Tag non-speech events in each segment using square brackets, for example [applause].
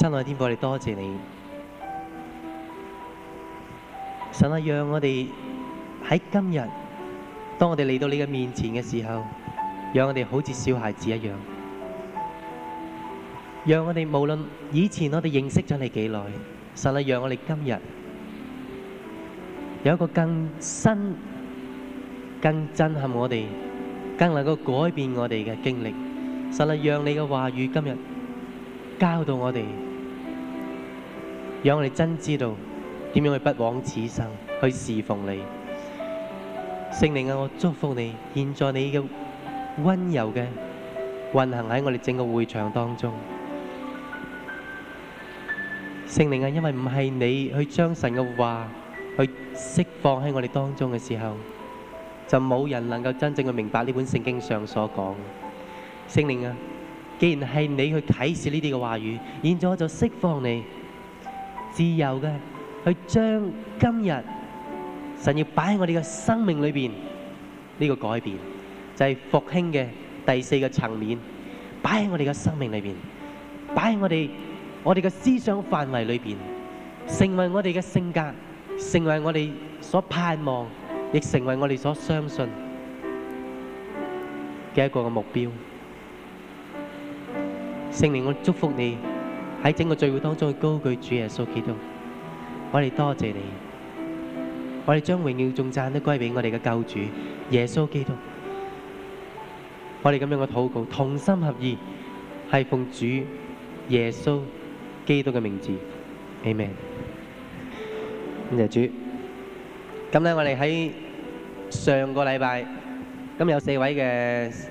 親愛的天父，我哋多謝你，神啊，讓我哋喺今日，當我哋嚟到你嘅面前嘅時候，讓我哋好似小孩子一樣，讓我哋無論以前我哋認識咗你幾耐，神啊，讓我哋今日有一個更深更震撼我哋、更能夠改變我哋嘅經歷，神啊，讓你嘅話語今日教到我哋。讓我哋真知道點樣去不枉此生去侍奉你。聖靈啊，我祝福你。現在你嘅温柔嘅運行喺我哋整個會場當中。聖靈啊，因為唔係你去將神嘅話去釋放喺我哋當中嘅時候，就冇人能夠真正嘅明白呢本聖經上所講。聖靈啊，既然係你去啟示呢啲嘅話語，現在我就釋放你。自由嘅，去將今日神要擺喺我哋嘅生命裏邊呢個改變，就係復興嘅第四個層面，擺喺我哋嘅生命裏邊，擺喺我哋我哋嘅思想範圍裏邊，成為我哋嘅性格，成為我哋所盼望，亦成為我哋所相信嘅一個嘅目標。聖靈，我祝福你。喺整個聚會當中，高舉主耶穌基督，我哋多謝你，我哋將榮耀頌讚都歸俾我哋嘅救主耶穌基督。我哋咁樣嘅禱告，同心合意，係奉主耶穌基督嘅名字，Amen。感謝主。咁咧，我哋喺上個禮拜，咁有四位嘅。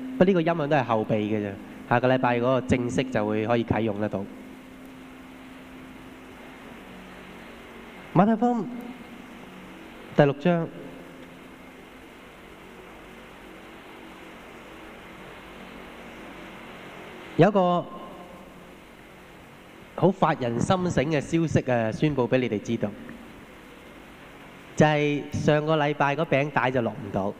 呢個音響都係後備嘅啫，下個禮拜嗰個正式就會可以啟用得到。馬太福音第六章有一個好發人心醒嘅消息啊，宣佈俾你哋知道，就係上個禮拜嗰餅帶就落唔到。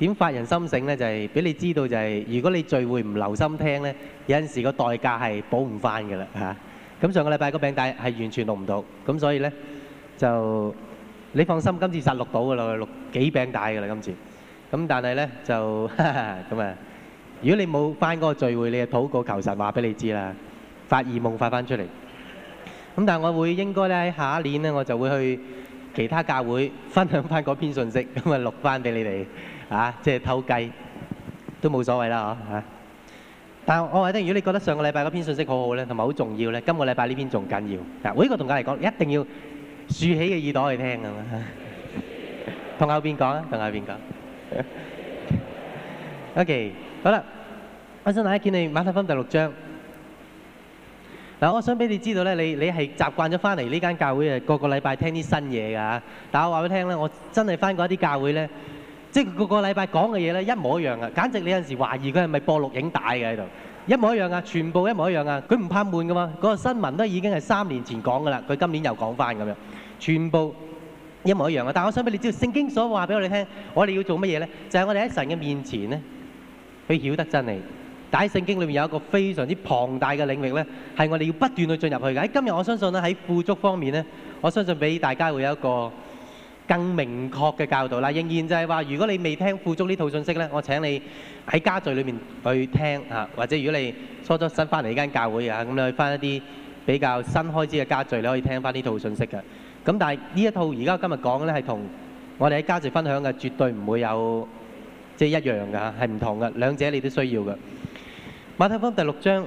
點發人心醒咧，就係俾你知道，就係如果你聚會唔留心聽咧，有陣時個代價係補唔翻㗎啦嚇。咁上個禮拜個餅帶係完全錄唔到，咁所以咧就你放心，今次實錄到㗎啦，錄幾餅帶㗎啦今次。咁但係咧就咁啊，如果你冇翻嗰個聚會，你就禱告求神話俾你知啦，發異夢發翻出嚟。咁但係我會應該咧，下一年咧我就會去其他教會分享翻嗰篇信息，咁啊錄翻俾你哋。嚇！即係偷雞都冇所謂啦，嚇！但係我話你聽，如果你覺得上個禮拜嗰篇信息好好咧，同埋好重要咧，今個禮拜呢篇仲緊要嗱。我呢個同教嚟講，一定要豎起嘅耳朵去聽咁啊！同後邊講啊，同後邊講。OK，好啦，阿生大家見你馬太福音第六章嗱，我想俾你知道咧，你你係習慣咗翻嚟呢間教會啊，個個禮拜聽啲新嘢㗎嚇。但係我話俾你聽咧，我真係翻過一啲教會咧。即係個個禮拜講嘅嘢咧，一模一樣啊，簡直你有陣時懷疑佢係咪播錄影帶嘅喺度，一模一樣啊，全部一模一樣啊，佢唔怕悶噶嘛？嗰個新聞都已經係三年前講噶啦，佢今年又講翻咁樣，全部一模一樣啊！但係我想俾你知道，聖經所話俾我哋聽，我哋要做乜嘢咧？就係我哋喺神嘅面前咧，去曉得真理。但係喺聖經裏面有一個非常之龐大嘅領域咧，係我哋要不斷去進入去嘅。喺今日，我相信咧喺富足方面咧，我相信俾大家會有一個。更明確嘅教導啦，仍然就係話，如果你未聽附中呢套信息咧，我請你喺家聚裏面去聽啊，或者如果你初初新翻嚟呢間教會啊，咁你去翻一啲比較新開支嘅家聚，你可以聽翻呢套信息嘅。咁但係呢一套而家今日講嘅咧，係同我哋喺家聚分享嘅，絕對唔會有即係一樣嘅嚇，係唔同嘅，兩者你都需要嘅。馬太福音第六章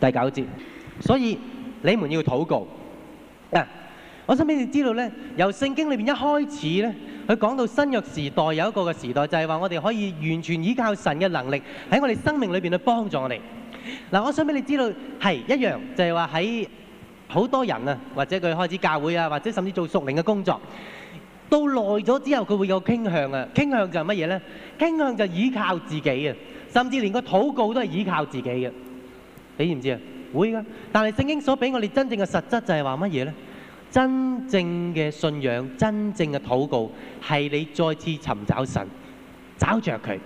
第九節，所以你們要禱告嗱。我想俾你知道咧，由聖經裏邊一開始咧，佢講到新約時代有一個嘅時代，就係話我哋可以完全依靠神嘅能力喺我哋生命裏邊去幫助我哋。嗱、啊，我想俾你知道係一樣，就係話喺好多人啊，或者佢開始教會啊，或者甚至做屬靈嘅工作，到耐咗之後，佢會有傾向啊。傾向就係乜嘢咧？傾向就依靠自己啊，甚至連個禱告都係依靠自己嘅。你不知唔知啊？會噶，但係聖經所俾我哋真正嘅實質就係話乜嘢咧？真正嘅信仰，真正嘅禱告，係你再次尋找神，找着佢，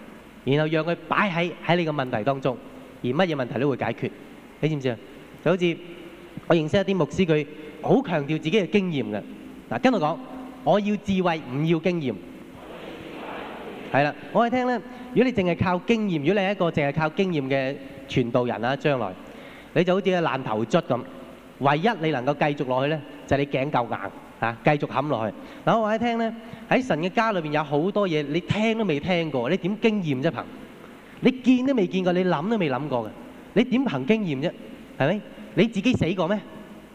然後讓佢擺喺喺你個問題當中，而乜嘢問題都會解決。你知唔知啊？就好似我認識一啲牧師，佢好強調自己嘅經驗嘅嗱，跟住講，我要智慧，唔要經驗。係啦，我係聽咧，如果你淨係靠經驗，如果你係一個淨係靠經驗嘅傳道人啦、啊，將來你就好似個爛頭卒咁，唯一你能夠繼續落去咧。就係你頸夠硬嚇，繼續冚落去。嗱，我話你聽咧，喺神嘅家裏邊有好多嘢，你聽都未聽過，你點經驗啫？憑你見都未見過，你諗都未諗過嘅，你點憑經驗啫？係咪？你自己死過咩？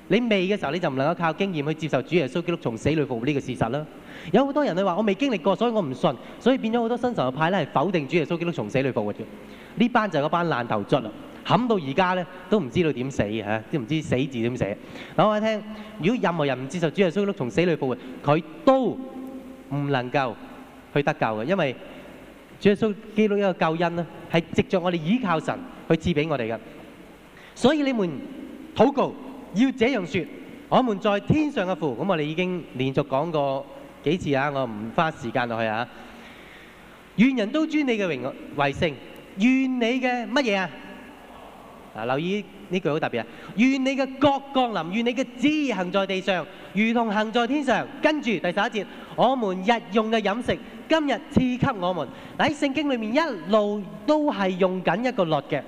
你未嘅時候你就唔能夠靠經驗去接受主耶穌基督從死裏復活呢個事實啦。有好多人你話我未經歷過，所以我唔信，所以變咗好多新神學派咧，係否定主耶穌基督從死裏復活嘅。呢班就係嗰班爛頭卒。冚到而家咧都唔知道點死嚇，都唔知死字點寫。講我聽，如果任何人唔接受主耶穌從死裏復活，佢都唔能夠去得救嘅，因為主耶穌基督一個救恩啦，係藉著我哋倚靠神去賜俾我哋嘅。所以你們禱告要這樣説：我們在天上嘅父，咁我哋已經連續講過幾次啊，我唔花時間落去啊。願人都尊你嘅榮為聖，願你嘅乜嘢啊？嗱，留意呢句好特別啊！願你嘅國降臨，願你嘅旨意行在地上，如同行在天上。跟住第十一節，我們日用嘅飲食，今日賜給我們。喺聖經裏面一路都係用緊一個律嘅，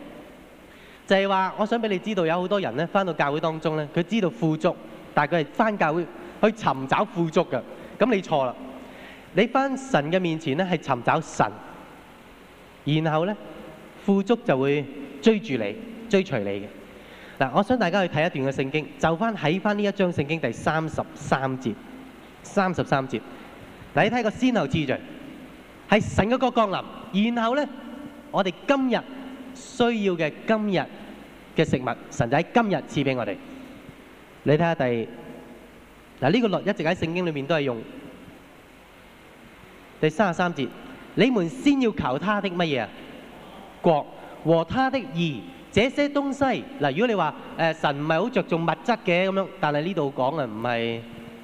就係話我想俾你知道，有好多人咧翻到教會當中咧，佢知道富足，但係佢係翻教會去尋找富足嘅。咁你錯啦！你翻神嘅面前咧係尋找神，然後咧富足就會追住你。追隨你嘅嗱，我想大家去睇一段嘅聖經，就翻睇翻呢一章聖經第三十三節，三十三節。嗱，你睇個先後次序，係神嘅國降臨，然後咧，我哋今日需要嘅今日嘅食物，神仔今日賜俾我哋。你睇下第嗱呢個律一直喺聖經裏面都係用第三十三節，你們先要求他的乜嘢國和他的義。這些東西嗱，如果你話誒神唔係好着重物質嘅咁樣，但係呢度講嘅，唔係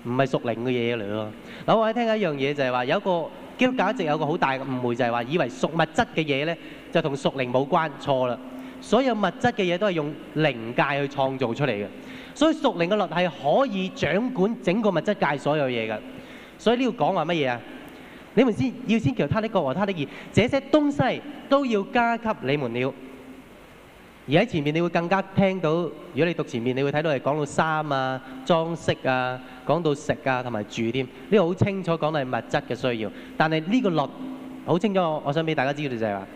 唔係屬靈嘅嘢嚟喎。嗱，我哋聽下一樣嘢就係話，有一個基督教一直有個好大嘅誤會，就係話以為屬物質嘅嘢呢就同屬靈冇關，錯啦！所有物質嘅嘢都係用靈界去創造出嚟嘅，所以屬靈嘅律係可以掌管整個物質界所有嘢嘅。所以呢度講話乜嘢啊？你們先要先求他的國和他的義，這些東西都要加給你們了。而喺前面，你會更加聽到，如果你讀前面，你會睇到係講到衫啊、裝飾啊、講到食啊同埋住添，啊，呢個好清楚講到係物質嘅需要。但係呢個律好清楚，我想俾大家知道就係、是、話，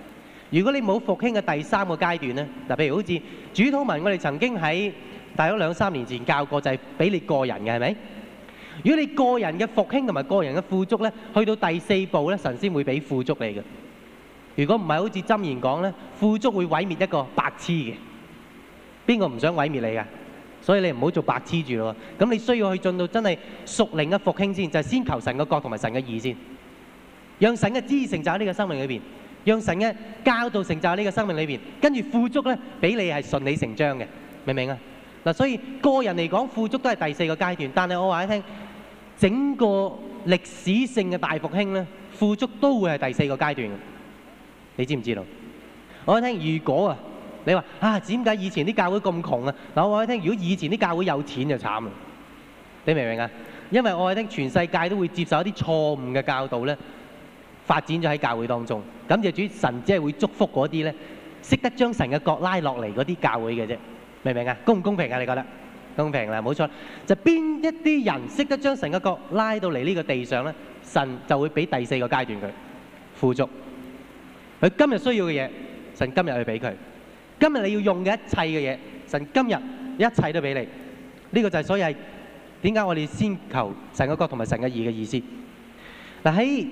如果你冇復興嘅第三個階段呢。嗱，譬如好似主禱文，我哋曾經喺大約兩三年前教過，就係、是、俾你個人嘅係咪？如果你個人嘅復興同埋個人嘅富足呢，去到第四步呢，神先會俾富足你嘅。如果唔係好似箴言講咧，富足會毀滅一個白痴嘅。邊個唔想毀滅你㗎？所以你唔好做白痴住咯。咁你需要去進到真係屬靈嘅復興先，就係、是、先求神嘅國同埋神嘅義先，讓神嘅知成就喺呢個生命裏邊，讓神嘅教導成就喺呢個生命裏邊，跟住富足咧，俾你係順理成章嘅，明唔明啊？嗱，所以個人嚟講，富足都係第四個階段，但係我話你聽整個歷史性嘅大復興咧，富足都會係第四個階段。你知唔知道？我話聽如果啊，你話啊，點解以前啲教會咁窮啊？嗱，我話你聽如果以前啲教會有錢就慘啦，你明唔明啊？因為我話聽全世界都會接受一啲錯誤嘅教導咧，發展咗喺教會當中，咁就主神只係會祝福嗰啲咧，識得將神嘅角拉落嚟嗰啲教會嘅啫，明唔明啊？公唔公平啊？你覺得？公平啦，冇錯。就邊一啲人識得將神嘅角拉到嚟呢個地上咧，神就會俾第四個階段佢富足。佢今日需要嘅嘢，神今日去俾佢。今日你要用嘅一切嘅嘢，神今日一切都俾你。呢個就係所以係點解我哋先求神嘅國同埋神嘅義嘅意思。嗱，喺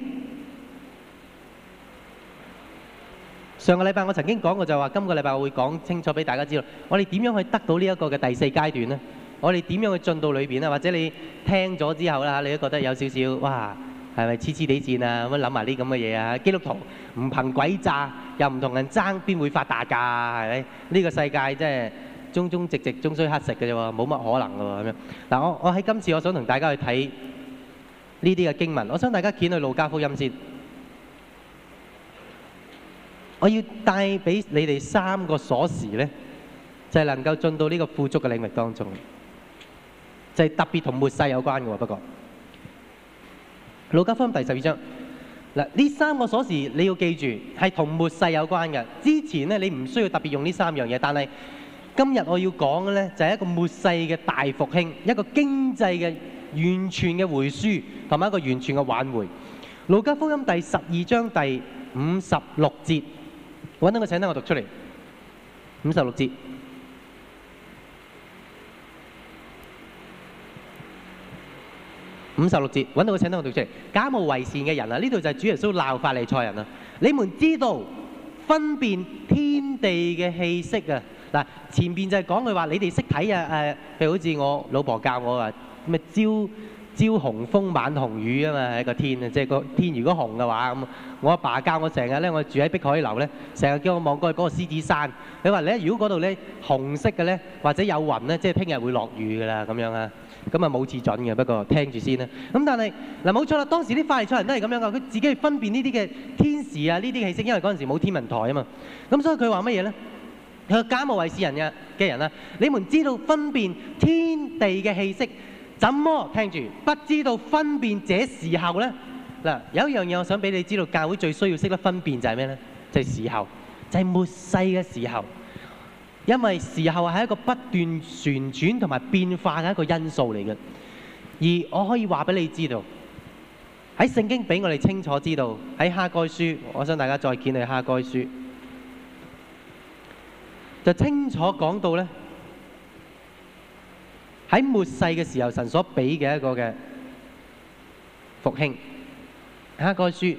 上個禮拜我曾經講過就話，今個禮拜我會講清楚俾大家知道我們怎，我哋點樣去得到呢一個嘅第四階段呢？我哋點樣去進到裏邊啊？或者你聽咗之後啦，你都覺得有少少哇？係咪黐黐地戰啊？乜諗埋啲咁嘅嘢啊？基督徒唔憑鬼詐，又唔同人爭，邊會發達㗎、啊？係咪？呢、呢個世界真係忠忠直直，終須乞食嘅啫喎，冇乜可能嘅喎咁樣。嗱，我我喺今次我想同大家去睇呢啲嘅經文，我想大家掀去路加福音先。我要帶俾你哋三個鎖匙咧，就係、是、能夠進到呢個富足嘅領域當中，就係、是、特別同末世有關嘅喎、啊。不過。《路加福音》第十二章，嗱，呢三個鎖匙你要記住係同末世有關嘅。之前咧你唔需要特別用呢三樣嘢，但係今日我要講嘅咧就係一個末世嘅大復興，一個經濟嘅完全嘅回輸同埋一個完全嘅挽回。《路加福音》第十二章第五十六節，揾到個請得我讀出嚟，五十六節。五十六節，揾到個請到我讀出嚟。假冒為善嘅人啊，呢度就係主耶穌鬧法利賽人啦，啊。你們知道分辨天地嘅氣息啊？嗱，前邊就係講句話，你哋識睇啊誒，譬、呃、如好似我老婆教我啊，咁啊朝朝紅風晚紅雨啊嘛，係一個天啊，即、就、係、是、個天如果紅嘅話咁。我阿爸，爸教我成日咧，我住喺碧海樓咧，成日叫我望過去嗰個獅子山。佢話你如果嗰度咧紅色嘅咧，或者有雲咧，即係聽日會落雨噶啦咁樣啊！咁啊冇次準嘅，不過聽住先啦。咁但係嗱冇錯啦，當時啲法利賽人都係咁樣噶，佢自己去分辨呢啲嘅天時啊，呢啲氣息，因為嗰陣時冇天文台啊嘛。咁所以佢話乜嘢呢？佢假冒為善嘅嘅人啊，你們知道分辨天地嘅氣息，怎麼聽住不知道分辨這時候呢？嗱，有一樣嘢我想俾你知道，教會最需要識得分辨就係咩呢？就係時候，就係末世嘅時候。因為時候係一個不斷旋轉同埋變化嘅一個因素嚟嘅，而我可以話俾你知道，喺聖經俾我哋清楚知道，喺哈該書，我想大家再見到哈該書，就清楚講到呢，喺末世嘅時候，神所俾嘅一個嘅復興，哈該書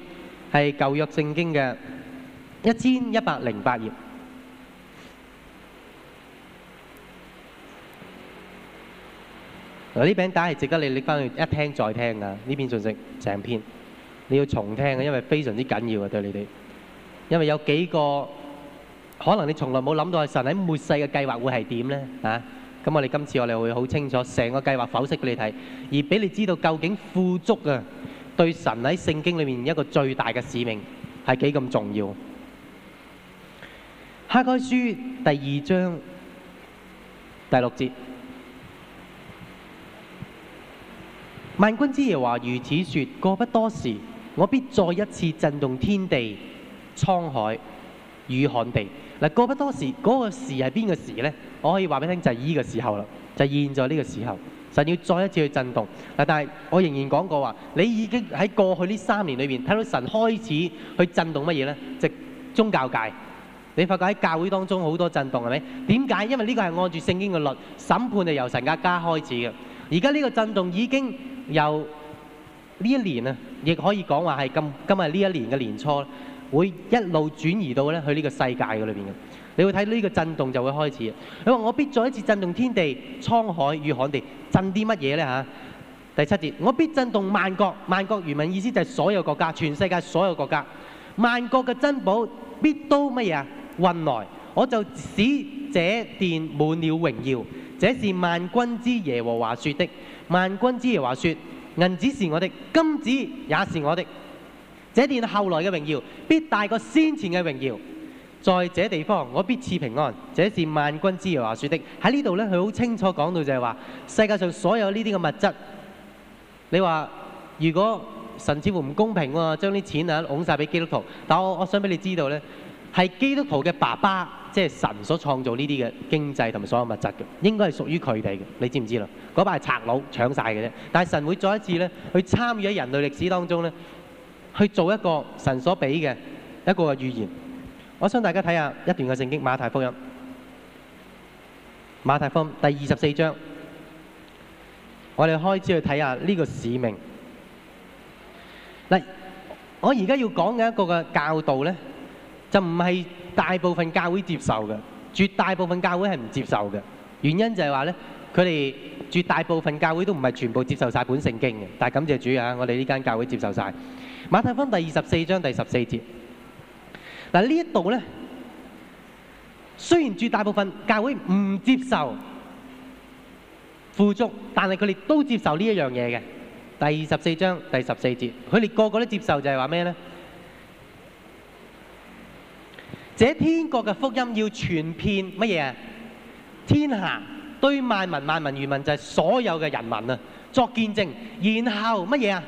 係舊約聖經嘅一千一百零八頁。嗱，呢餅帶係值得你拎翻去一聽再聽啊！呢篇信息成篇，你要重聽嘅，因為非常之緊要啊！對你哋，因為有幾個可能你從來冇諗到係神喺末世嘅計劃會係點呢？啊！咁我哋今次我哋會好清楚成個計劃剖析俾你睇，而俾你知道究竟富足啊對神喺聖經裏面一個最大嘅使命係幾咁重要。哈該書第二章第六節。萬軍之耶和華如此說：過不多時，我必再一次震動天地、滄海與旱地。嗱，過不多時，嗰、那個時係邊個時呢？我可以話俾你聽，就係、是、呢個時候啦，就係、是、現在呢個時候，神要再一次去震動。嗱，但係我仍然講過話，你已經喺過去呢三年裏面睇到神開始去震動乜嘢呢？就是、宗教界，你發覺喺教會當中好多震動係咪？點解？因為呢個係按住聖經嘅律，審判係由神家家開始嘅。而家呢個震動已經。又呢一年啊，亦可以講話係今今日呢一年嘅年初，會一路轉移到咧去呢個世界嘅裏邊嘅。你會睇呢個震動就會開始。佢話我必再一次震動天地、滄海與旱地，震啲乜嘢呢？嚇、啊？第七節，我必震動萬國，萬國漁民，意思就係所有國家，全世界所有國家，萬國嘅珍寶必都乜嘢啊？運來，我就使這殿滿了榮耀。這是萬軍之耶和華說的。萬軍之耶和華說，銀子是我的，金子也是我的。這殿後來嘅榮耀，必大過先前嘅榮耀。在這地方，我必賜平安。這是萬軍之耶和華說的。喺呢度呢，佢好清楚講到就係話，世界上所有呢啲嘅物質，你話如果神似乎唔公平㗎嘛，將啲錢啊拱晒俾基督徒。但我我想俾你知道咧，係基督徒嘅爸爸。即係神所創造呢啲嘅經濟同埋所有物質嘅，應該係屬於佢哋嘅，你知唔知啦？嗰班係賊佬搶晒嘅啫。但係神會再一次咧，去參與喺人類歷史當中咧，去做一個神所俾嘅一個嘅預言。我想大家睇下一段嘅聖經馬太福音，馬太福音第二十四章，我哋開始去睇下呢個使命。嗱，我而家要講嘅一個嘅教導咧，就唔係。大部分教會接受嘅，絕大部分教會係唔接受嘅。原因就係話咧，佢哋絕大部分教會都唔係全部接受曬本聖經嘅。但係感謝主啊，我哋呢間教會接受曬。馬太福音第二十四章第十四節。嗱，呢一度咧，雖然絕大部分教會唔接受富足，但係佢哋都接受呢一樣嘢嘅。第二十四章第十四節，佢哋個個都接受，就係話咩咧？這天國嘅福音要傳遍乜嘢？天下對萬民，萬民餘民就係所有嘅人民啊，作見證。然後乜嘢啊？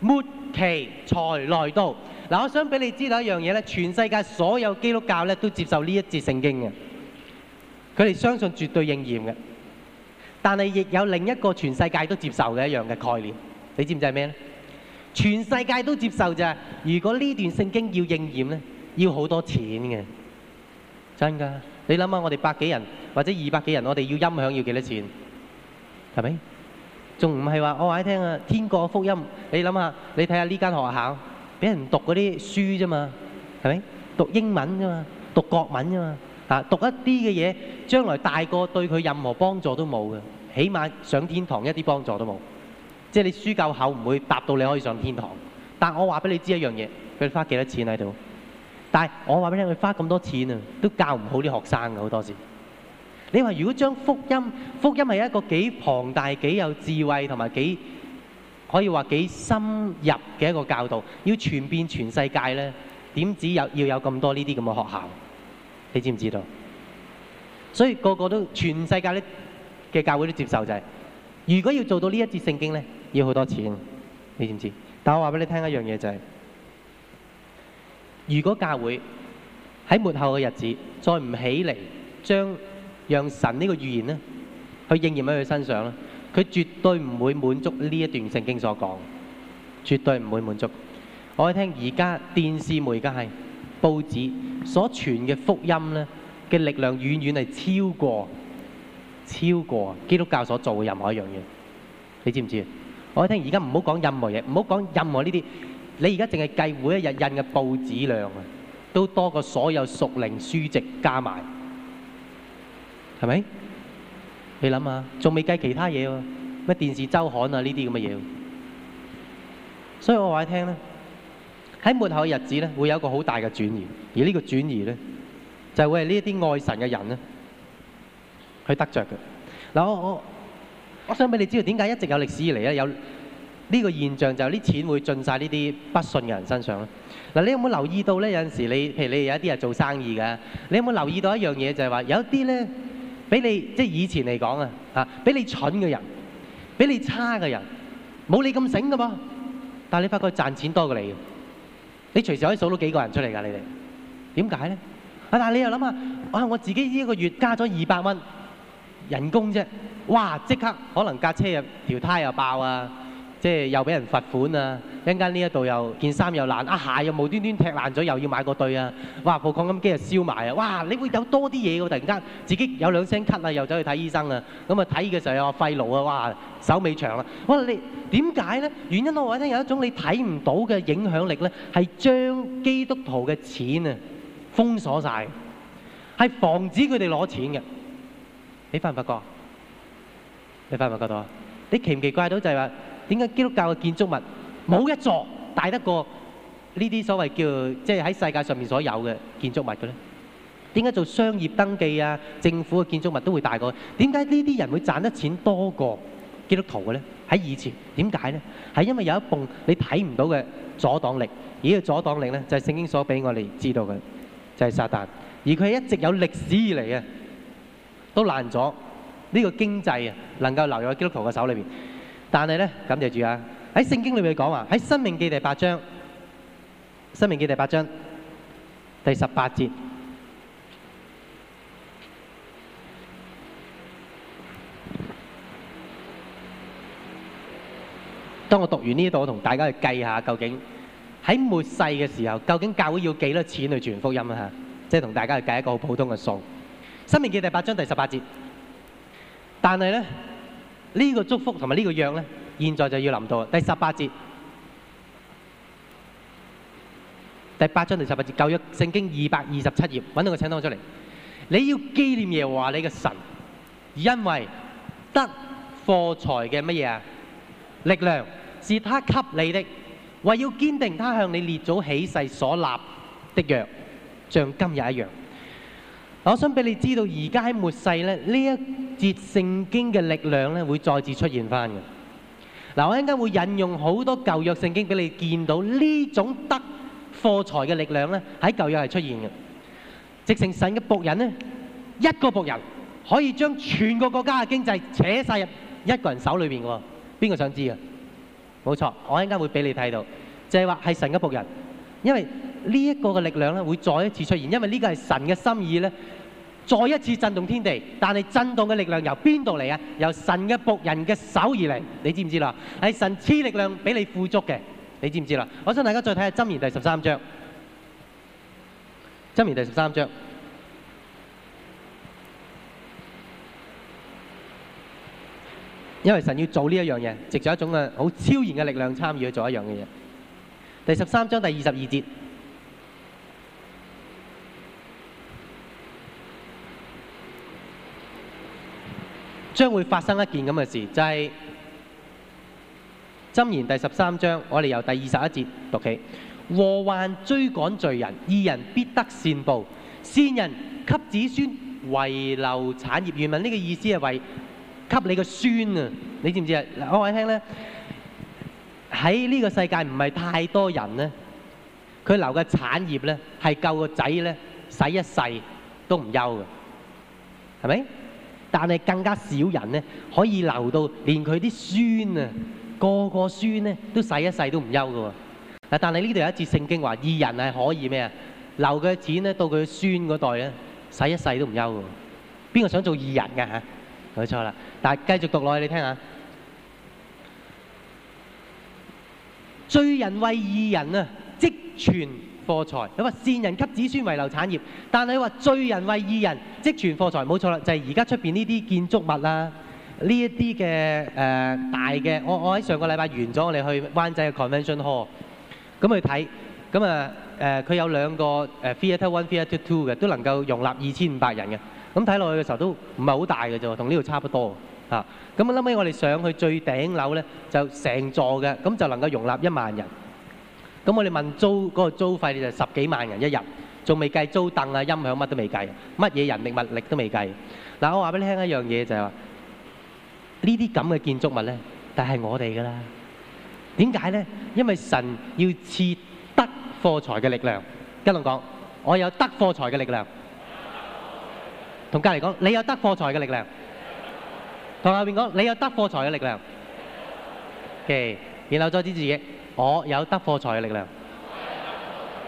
末期才來到。嗱，我想俾你知道一樣嘢咧，全世界所有基督教咧都接受呢一節聖經嘅，佢哋相信絕對應驗嘅。但係亦有另一個全世界都接受嘅一樣嘅概念，你知唔知係咩咧？全世界都接受就係？如果呢段聖經要應驗咧？要好多錢嘅真㗎。你諗下，我哋百幾人或者二百幾人，我哋要音響要幾多錢？係咪？仲唔係話我話你聽啊？天國福音，你諗下，你睇下呢間學校俾人讀嗰啲書啫嘛，係咪？讀英文啫嘛，讀國文啫嘛，啊讀一啲嘅嘢，將來大個對佢任何幫助都冇嘅，起碼上天堂一啲幫助都冇。即係你書夠厚唔會答到你可以上天堂。但我話俾你知一樣嘢，佢哋花幾多錢喺度？但係我話俾你聽，佢花咁多錢啊，都教唔好啲學生㗎，好多時。你話如果將福音福音係一個幾龐大、幾有智慧同埋幾可以話幾深入嘅一個教導，要傳遍全世界呢？點止有要有咁多呢啲咁嘅學校？你知唔知道？所以個個都全世界呢嘅教會都接受就係、是，如果要做到呢一節聖經呢，要好多錢，你知唔知道？但我話俾你聽一樣嘢就係、是。如果教會喺末後嘅日子再唔起嚟，將讓神呢個預言呢去應驗喺佢身上咧，佢絕對唔會滿足呢一段聖經所講，絕對唔會滿足。我聽而家電視媒介係報紙所傳嘅福音咧嘅力量，遠遠係超過超過基督教所做嘅任何一樣嘢。你知唔知？我聽而家唔好講任何嘢，唔好講任何呢啲。你而家淨係計每一日印嘅報紙量啊，都多過所有熟齡書籍加埋，係咪？你諗下，仲未計其他嘢喎，啊，咩電視周刊啊呢啲咁嘅嘢。所以我話你聽咧，喺末後嘅日子咧，會有一個好大嘅轉移，而呢個轉移咧，就會係呢一啲愛神嘅人咧，去得着嘅。嗱，我我我想俾你知道點解一直有歷史以嚟咧有。呢個現象就係啲錢會進晒呢啲不信嘅人身上啦。嗱，你有冇留意到咧？有陣時你，譬如你有一啲係做生意嘅，你有冇留意到一樣嘢？就係話有一啲咧，比你即係以前嚟講啊，啊，比你蠢嘅人，比你差嘅人，冇你咁醒嘅噃，但係你發覺賺錢多過你，你隨時可以數到幾個人出嚟㗎？你哋點解咧？啊，但係你又諗下啊，我自己呢一個月加咗二百蚊人工啫，哇！即刻可能架車，車，車，車又條胎又爆啊！即係又俾人罰款啊！一陣間呢一度又件衫又爛，啊，鞋又無端端踢爛咗，又要買個對啊！哇！部鋼筋機又燒埋啊！哇！你會有多啲嘢喎？突然間自己有兩聲咳啦，又走去睇醫生啊。咁啊睇嘅時候又話肺癆啊！哇！手尾長啦！哇！你點解咧？原因我話咧，有一種你睇唔到嘅影響力咧，係將基督徒嘅錢啊封鎖晒，係防止佢哋攞錢嘅。你發唔發覺？你有有發唔發覺到啊？你奇唔奇怪到就係話。點解基督教嘅建築物冇一座大得過呢啲所謂叫即係喺世界上面所有嘅建築物嘅咧？點解做商業登記啊、政府嘅建築物都會大過？點解呢啲人會賺得錢多過基督徒嘅咧？喺以前點解咧？係因為有一部你睇唔到嘅阻擋力。而呢個阻擋力咧，就係聖經所俾我哋知道嘅，就係、是、撒旦。而佢係一直有歷史以嚟嘅，都攔咗呢個經濟啊能夠流入喺基督徒嘅手裏邊。但係咧，感謝住啊！喺聖經裏面講話，喺《申命記》第八章，《申命記》第八章第十八節。當我讀完呢度，我同大家去計下究竟喺末世嘅時候，究竟教會要幾多錢去傳福音啊？嚇，即係同大家去計一個好普通嘅數。《申命記》第八章第十八節，但係咧。呢個祝福同埋呢個約咧，現在就要臨到。第十八節，第八章第十八節，舊約聖經二百二十七頁，揾到個請單出嚟。你要紀念耶和華你嘅神，因為得貨財嘅乜嘢啊？力量是他給你的，為要堅定他向你列祖起誓所立的約，像今日一樣。我想俾你知道，而家喺末世咧，呢一節聖經嘅力量咧，會再次出現返嘅。嗱，我一陣間會引用好多舊約聖經俾你見到，呢種得貨財嘅力量咧，喺舊約係出現嘅。直成神嘅僕人咧，一個僕人可以將全個國家嘅經濟扯晒入一個人手裏邊嘅喎。邊個想知啊？冇錯，我一陣間會俾你睇到，就係話係神嘅僕人，因為。呢一個嘅力量咧，會再一次出現，因為呢個係神嘅心意咧，再一次震動天地。但係震動嘅力量由邊度嚟啊？由神嘅僕人嘅手而嚟，你知唔知啦？係神賜力量俾你富足嘅，你知唔知啦？我想大家再睇下《箴言》第十三章，《箴言》第十三章，因為神要做呢一樣嘢，藉著一種啊好超然嘅力量參與去做一樣嘅嘢。第十三章第二十二節。將會發生一件咁嘅事，就係《箴言》第十三章，我哋由第二十一節讀起：禍患追趕罪人，義人必得善報。善人給子孫遺留產業，原文呢個意思係為給你個孫啊，你知唔知啊？我話你聽咧，喺呢個世界唔係太多人咧，佢留嘅產業咧係夠個仔咧使一世都唔憂嘅，係咪？但係更加少人呢，可以留到連佢啲孫啊，個個孫呢，都使一世都唔憂噶喎。但係呢度有一節聖經話，義人係可以咩啊？留佢嘅錢呢，到佢孫嗰代呢，使一世都唔憂噶。邊個想做義人嘅嚇、啊？冇錯啦。但係繼續讀落去，你聽下，罪人為義人啊，積存。貨財，咁啊善人給子孫遺留產業，但係話罪人為義人積存貨財，冇錯啦，就係而家出邊呢啲建築物啦、啊，呢一啲嘅誒大嘅，我我喺上個禮拜完咗，我哋去灣仔嘅 Convention Hall，咁去睇，咁啊誒佢有兩個誒 Theater One、Theater Two 嘅，都能夠容納二千五百人嘅，咁睇落去嘅時候都唔係好大嘅啫，同呢度差不多嚇，咁後屘我哋上去最頂樓咧，就成座嘅，咁就能夠容納一萬人。咁我哋問租嗰個租費你就十幾萬人一日，仲未計租凳啊、音響乜都未計，乜嘢人力物力都未計。嗱，我話俾你聽一樣嘢就係話，呢啲咁嘅建築物咧，但係我哋噶啦。點解咧？因為神要賜得貨財嘅力量。吉龍講：我有得貨財嘅力量。同隔籬講：你有得貨財嘅力量。同後邊講：你有得貨財嘅力量。OK，然後再指自己。我有得貨財嘅力量，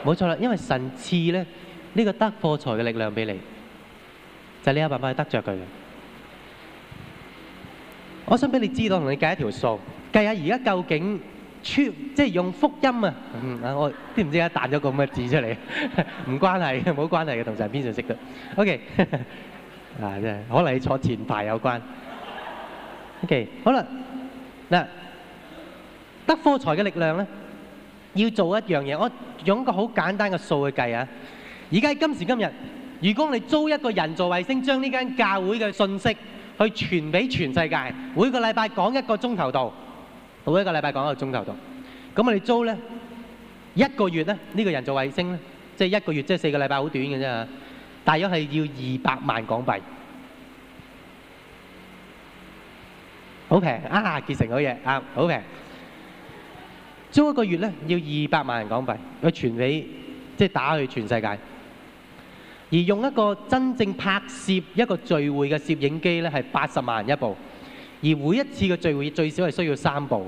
冇錯啦，因為神賜咧呢個得貨財嘅力量俾你，就呢一辦法係得著佢嘅。我想俾你知道，同你計一條數，計下而家究竟出即係用福音啊？嗯，我知唔知啊？彈咗個咁嘅字出嚟，唔關係，冇關係嘅同事係邊度識嘅？OK，嗱，真係可能你坐前排有關。OK，好啦，嗱。德科財嘅力量咧，要做一樣嘢。我用個好簡單嘅數去計啊！而家今時今日，如果你租一個人造衛星將呢間教會嘅信息去傳俾全世界，每個禮拜講一個鐘頭度，每一個禮拜講一個鐘頭度，咁我哋租咧一個月咧呢個人造衛星咧，即係一個月，即係四個禮拜，好短嘅啫嚇，大約係要二百萬港幣，好平啊！結成好嘢啊，好平。租一個月咧要二百萬人港幣，去傳俾即係打去全世界。而用一個真正拍攝一個聚會嘅攝影機咧係八十萬人一部，而每一次嘅聚會最少係需要三部，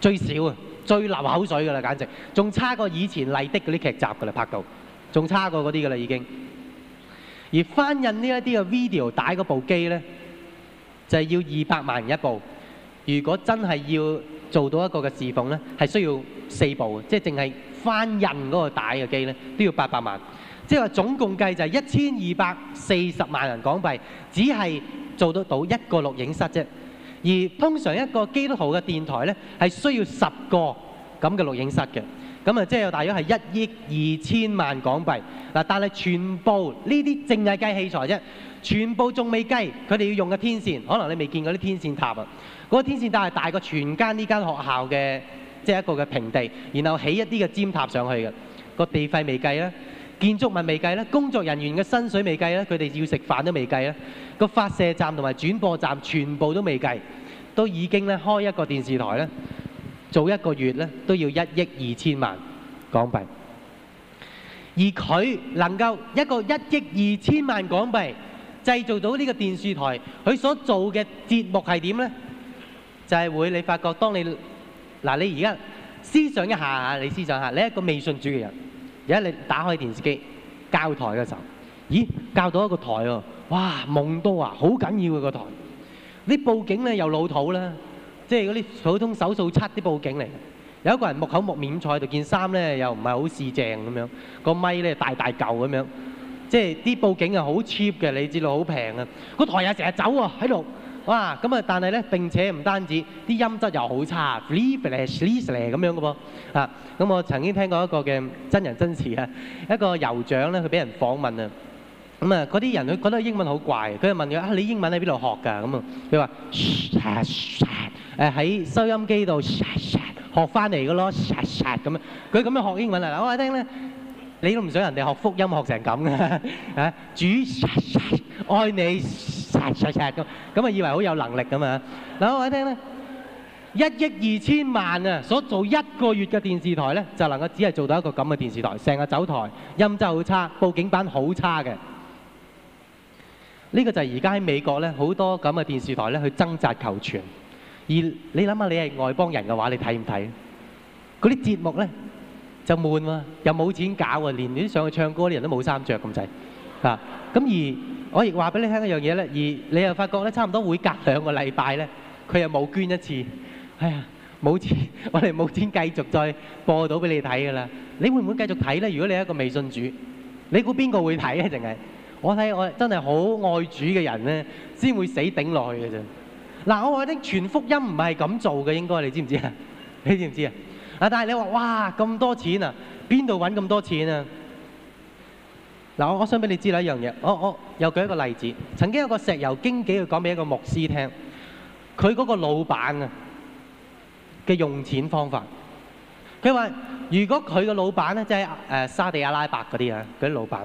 最少啊，最流口水噶啦，簡直，仲差過以前麗的嗰啲劇集噶啦，拍到，仲差過嗰啲噶啦，已經。而翻印呢一啲嘅 video，打嗰部機咧就係要二百萬人一部，如果真係要。做到一個嘅侍奉呢係需要四部，即係淨係翻印嗰個帶嘅機呢都要八百萬。即係話總共計就係一千二百四十萬人港幣，只係做得到一個錄影室啫。而通常一個基督徒嘅電台呢係需要十個咁嘅錄影室嘅。咁啊，即係大約係一億二千萬港幣嗱，但係全部呢啲淨係計器材啫，全部仲未計佢哋要用嘅天線，可能你未見過嗰啲天線塔啊。嗰個天線塔係大過全間呢間學校嘅，即係一個嘅平地，然後起一啲嘅尖塔上去嘅。個地費未計咧，建築物未計咧，工作人員嘅薪水未計咧，佢哋要食飯都未計咧。個發射站同埋轉播站全部都未計，都已經咧開一個電視台咧，做一個月咧都要一億二千萬港幣。而佢能夠一個一億二千萬港幣製造到呢個電視台，佢所做嘅節目係點呢？就係會你發覺，當你嗱你而家思想一下啊，你思想下，你一個未信主嘅人，而家你打開電視機，交台嘅時候，咦，交到一個台喎，哇，夢到啊，好緊要嘅個台，啲佈景咧又老土咧，即係嗰啲普通手數七啲佈景嚟，有一個人木口木面坐喺度，件衫咧又唔係好似正咁樣，個咪咧大大舊咁樣，即係啲佈景係好 cheap 嘅，你知道好平啊，個台又成日走啊喺度。哇！咁啊，但係咧，並且唔單止啲音質又好差 f r e e blah l e e l a 咁樣嘅噃啊！咁我曾經聽過一個嘅真人真事啊，一個酋長咧，佢俾人訪問啊，咁啊，嗰啲人佢覺得英文好怪，佢就問佢啊，你英文喺邊度學㗎？咁啊，佢話 s h a [music] s h a 誒喺收音機度 s h a shat 學翻嚟㗎咯 s h a s h a 咁樣，佢咁樣學英文啊，我話聽咧。你都唔想人哋學福音學成咁嘅，啊 [laughs] 主愛你，咁咁啊以為好有能力咁啊，嗱，我一聽咧，一億二千萬啊，所做一個月嘅電視台咧，就能夠只係做到一個咁嘅電視台，成個走台音質好差，佈景板好差嘅。呢、這個就係而家喺美國咧好多咁嘅電視台咧去掙扎求存，而你諗下你係外邦人嘅話，你睇唔睇？嗰啲節目咧？就悶喎，又冇錢搞喎，年年上去唱歌啲人都冇衫著咁滯，啊！咁而我亦話俾你聽一樣嘢咧，而你又發覺咧，差唔多會隔兩個禮拜咧，佢又冇捐一次。哎呀，冇錢，我哋冇錢繼續再播到俾你睇㗎啦。你會唔會繼續睇咧？如果你係一個未信主，你估邊個會睇啊？淨係我睇我真係好愛主嘅人咧，先會死頂落去㗎啫。嗱，我話啲全福音唔係咁做嘅應該，你知唔知啊？你知唔知啊？啊！但係你話哇，咁多錢啊，邊度揾咁多錢啊？嗱，我我想俾你知啦一樣嘢。我我又舉一個例子。曾經有一個石油經紀佢講俾一個牧師聽，佢嗰個老闆啊嘅用錢方法。佢話：如果佢個老闆咧，即係誒沙地阿拉伯嗰啲啊，嗰啲老闆，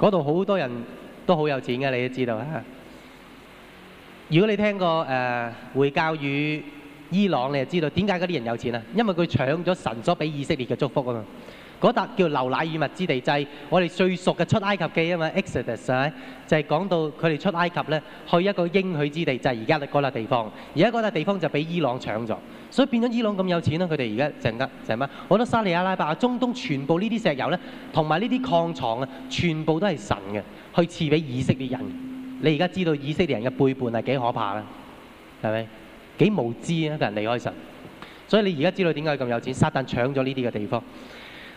嗰度好多人都好有錢嘅，你都知道啊。如果你聽過誒回教與伊朗你就知道點解嗰啲人有錢啊？因為佢搶咗神所俾以色列嘅祝福啊嘛！嗰笪叫流奶與蜜之地際，我哋最熟嘅出埃及記啊嘛，Exodus 係咪？就係講到佢哋出埃及咧，去一個應許之地，就係而家嗰笪地方。而家嗰笪地方就俾伊朗搶咗，所以變咗伊朗咁有錢啦！佢哋而家成吉成乜？好多沙利亞拉伯、中東全部呢啲石油咧，同埋呢啲礦藏啊，全部都係神嘅，去賜俾以色列人。你而家知道以色列人嘅背叛係幾可怕啦？係咪？幾無知啊！一個人離開神，所以你而家知道點解佢咁有錢，撒旦搶咗呢啲嘅地方。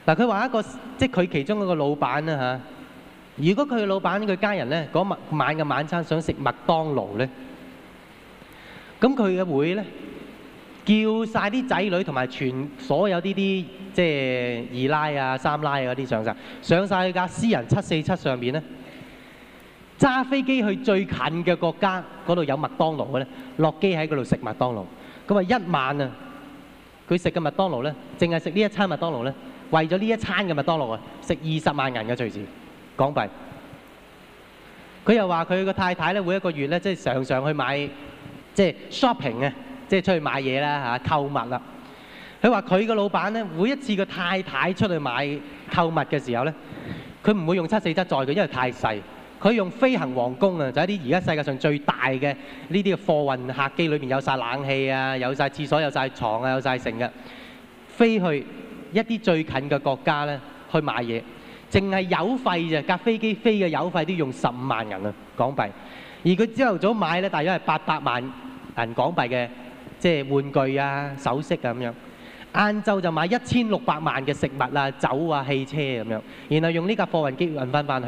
嗱、啊，佢話一個，即係佢其中一個老闆呢、啊。如果佢老闆佢家人咧，嗰、那個、晚嘅晚餐想食麥當勞咧，咁佢嘅會咧，叫曬啲仔女同埋全所有呢啲即係二奶啊、三奶嗰啲上晒。上曬架私人七四七上面咧。揸飛機去最近嘅國家，嗰度有麥當勞嘅咧，落機喺嗰度食麥當勞。咁啊，一晚啊，佢食嘅麥當勞咧，淨係食呢一餐麥當勞咧，為咗呢一餐嘅麥當勞啊，食二十萬銀嘅隨時港幣。佢又話：佢個太太咧，每一個月咧，即係常常去買，即係 shopping 啊，即係出去買嘢啦嚇購物啦。佢話佢個老闆咧，每一次個太太出去買購物嘅時候咧，佢唔會用七四七載佢，因為太細。佢用飛行皇宮啊，就係啲而家世界上最大嘅呢啲嘅貨運客機裏面，有曬冷氣啊，有曬廁所，有曬牀啊，有曬成嘅，飛去一啲最近嘅國家呢，去買嘢，淨係油費咋，架飛機飛嘅油費都用十五萬銀啊，港幣，而佢朝頭早買呢，大約係八百萬銀港幣嘅即係玩具啊、首飾啊咁樣，晏晝就買一千六百萬嘅食物啊、酒啊、汽車咁樣，然後用呢架貨運機運返返去。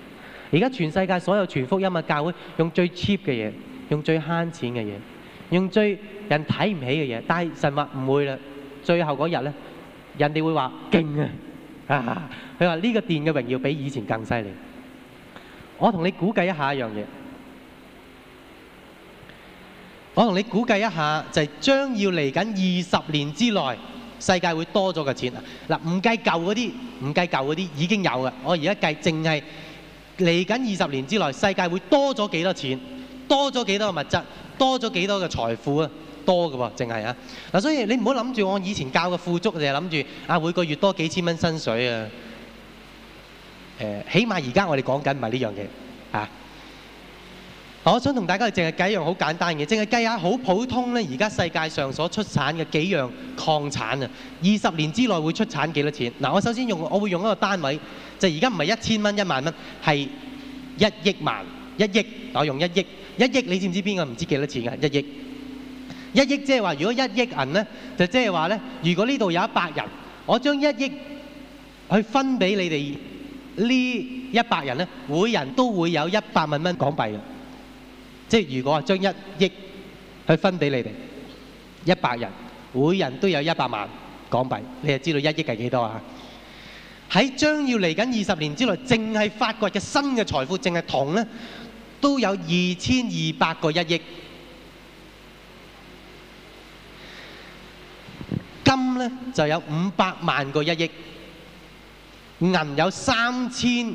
而家全世界所有全福音嘅教會用最 cheap 嘅嘢，用最慳錢嘅嘢，用最人睇唔起嘅嘢，但係神話唔會啦。最後嗰日咧，人哋會話勁啊！啊，佢話呢個殿嘅榮耀比以前更犀利。我同你估計一下一樣嘢，我同你估計一下就係將要嚟緊二十年之內，世界會多咗個錢啊！嗱，唔計舊嗰啲，唔計舊嗰啲已經有嘅，我而家計淨係。嚟緊二十年之內，世界會多咗幾多錢？多咗幾多嘅物質？多咗幾多嘅財富，多的啊？多嘅喎，淨係啊嗱，所以你唔好諗住我以前教嘅富足，你就諗住啊每個月多幾千蚊薪水啊，啊。起碼而家我哋講緊唔係呢樣嘢啊。我想同大家淨係計一樣好簡單嘅，淨係計下好普通呢。而家世界上所出產嘅幾樣礦產啊，二十年之內會出產幾多錢？嗱、啊，我首先用，我會用一個單位。就而家唔係一千蚊、一萬蚊，係一億萬、一億。我用一億，一億你知唔知邊個唔知幾多錢㗎、啊？一億，一億即係話，如果一億銀咧，就即係話咧，如果呢度有一百人，我將一億去分俾你哋呢一百人咧，每人都會有一百萬蚊港幣嘅。即係如果話將一億去分俾你哋一百人，每人都有一百萬港幣，你係知道一億係幾多啊？喺將要嚟緊二十年之內，淨係發掘嘅新嘅財富，淨係銅咧都有二千二百個一億，金咧就有五百萬個一億，銀有三千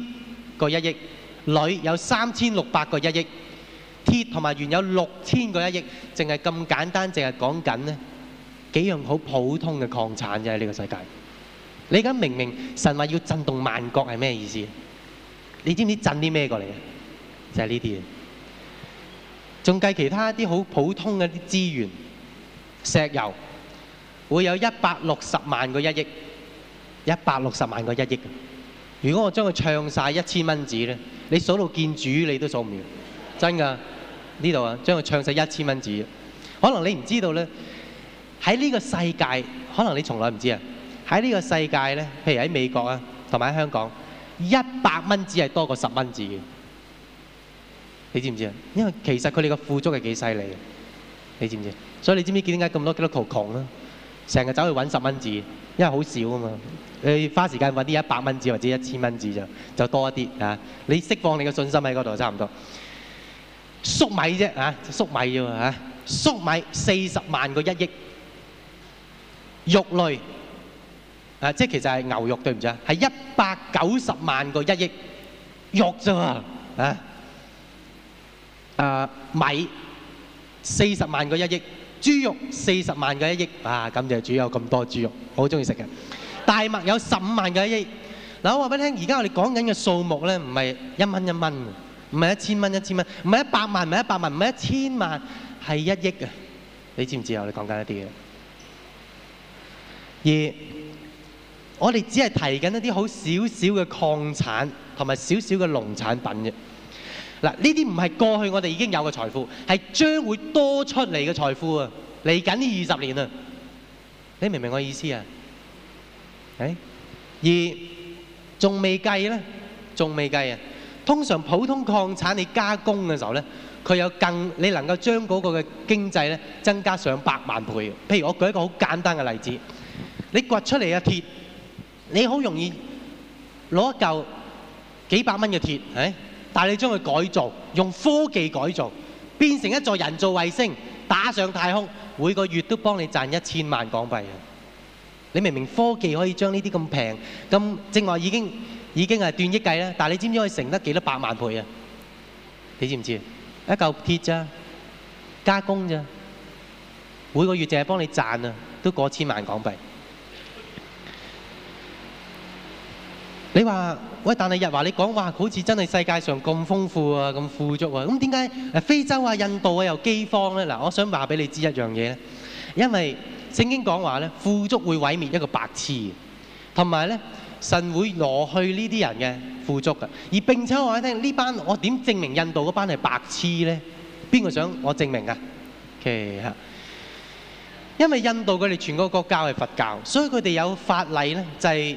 個一億，鋁有三千六百個一億，鐵同埋原有六千個一億，淨係咁簡單，淨係講緊呢幾樣好普通嘅礦產啫，喺、這、呢個世界。你而家明明神話要震動萬國係咩意思？你知唔知道震啲咩過嚟？就係呢啲嘅。仲計其他一啲好普通嘅資源，石油會有一百六十萬個一億，一百六十萬個一億。如果我將佢唱曬一千蚊紙，你數到見主你都數唔完，真㗎，呢度啊，將佢唱曬一千蚊紙。可能你唔知道呢，喺呢個世界，可能你從來唔知道。喺呢個世界呢，譬如喺美國啊，同埋喺香港，一百蚊紙係多過十蚊紙嘅。你知唔知？因為其實佢哋個富足係幾犀利嘅。你知唔知？所以你知唔知點解咁多基督徒窮啦？成日走去揾十蚊紙，因為好少啊嘛。你花時間揾啲一百蚊紙或者一千蚊紙就就多一啲啊。你釋放你嘅信心喺嗰度，差唔多粟米啫啊！粟米喎嚇，啊、粟米四十萬個一億肉類。啊！即係其實係牛肉，對唔住啊，係一百九十萬個一億肉咋啊！啊米四十萬個一億，豬肉四十萬個一億啊！咁就主要有咁多豬肉，好中意食嘅。大麥有十五萬個一億。嗱，我話俾你聽，而家我哋講緊嘅數目咧，唔係一蚊一蚊，唔係一千蚊一千蚊，唔係一百萬唔係一百萬，唔係一千萬係一億啊！你知唔知啊？我哋講緊一啲嘢。二我哋只係提緊一啲好少少嘅礦產同埋少少嘅農產品嘅，嗱，呢啲唔係過去我哋已經有嘅財富，係將會多出嚟嘅財富啊！嚟緊呢二十年啊，你明唔明我意思啊？誒、哎，而仲未計呢，仲未計啊！通常普通礦產你加工嘅時候呢，佢有更你能夠將嗰個嘅經濟呢增加上百萬倍。譬如我舉一個好簡單嘅例子，你掘出嚟嘅鐵。你好容易攞一嚿幾百蚊嘅鐵，但你將佢改造，用科技改造，變成一座人造衛星，打上太空，每個月都幫你賺一千萬港幣。你明明科技可以將呢啲咁平、咁正話已經已經係斷億計啦，但你知唔知可以成得幾多百萬倍呀？你知唔知？一嚿鐵咋，加工咋，每個月淨係幫你賺呀，都過千萬港幣。你話喂，但係日話你講話，好似真係世界上咁豐富啊，咁富足啊，咁點解誒非洲啊、印度啊又饑荒呢？嗱，我想話俾你知一樣嘢咧，因為聖經講話呢，富足會毀滅一個白痴，同埋呢，神會挪去呢啲人嘅富足嘅，而並且我話你聽，呢班我點證明印度嗰班係白痴呢？邊個想我證明啊？OK，因為印度佢哋全個國家係佛教，所以佢哋有法例呢，就係、是。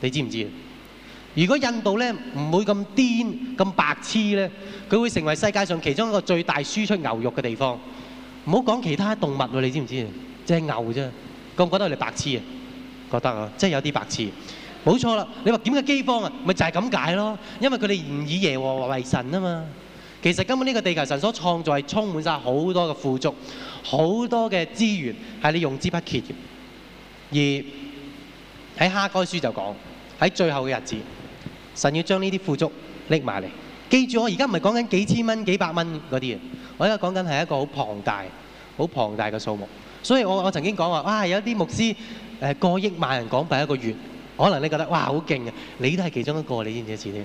你知唔知？如果印度咧唔會咁癲咁白痴咧，佢會成為世界上其中一個最大輸出牛肉嘅地方。唔好講其他動物喎、啊，你知唔知？即係牛啫，覺唔覺得佢哋白痴啊？覺得啊，即係有啲白痴。冇錯啦，你話點嘅饑荒啊？咪就係咁解咯，因為佢哋唔以耶和華為神啊嘛。其實根本呢個地球神所創造係充滿晒好多嘅富足，好多嘅資源係你用之不竭。而喺《哈該書》就講。喺最後嘅日子，神要將呢啲富足拎埋嚟。記住，我而家唔係講緊幾千蚊、幾百蚊嗰啲嘅，我而家講緊係一個好龐大、好龐大嘅數目。所以我我曾經講話，哇！有一啲牧師誒、呃、過億萬人港幣一個月，可能你覺得哇好勁嘅，你都係其中一個，你知唔知啊？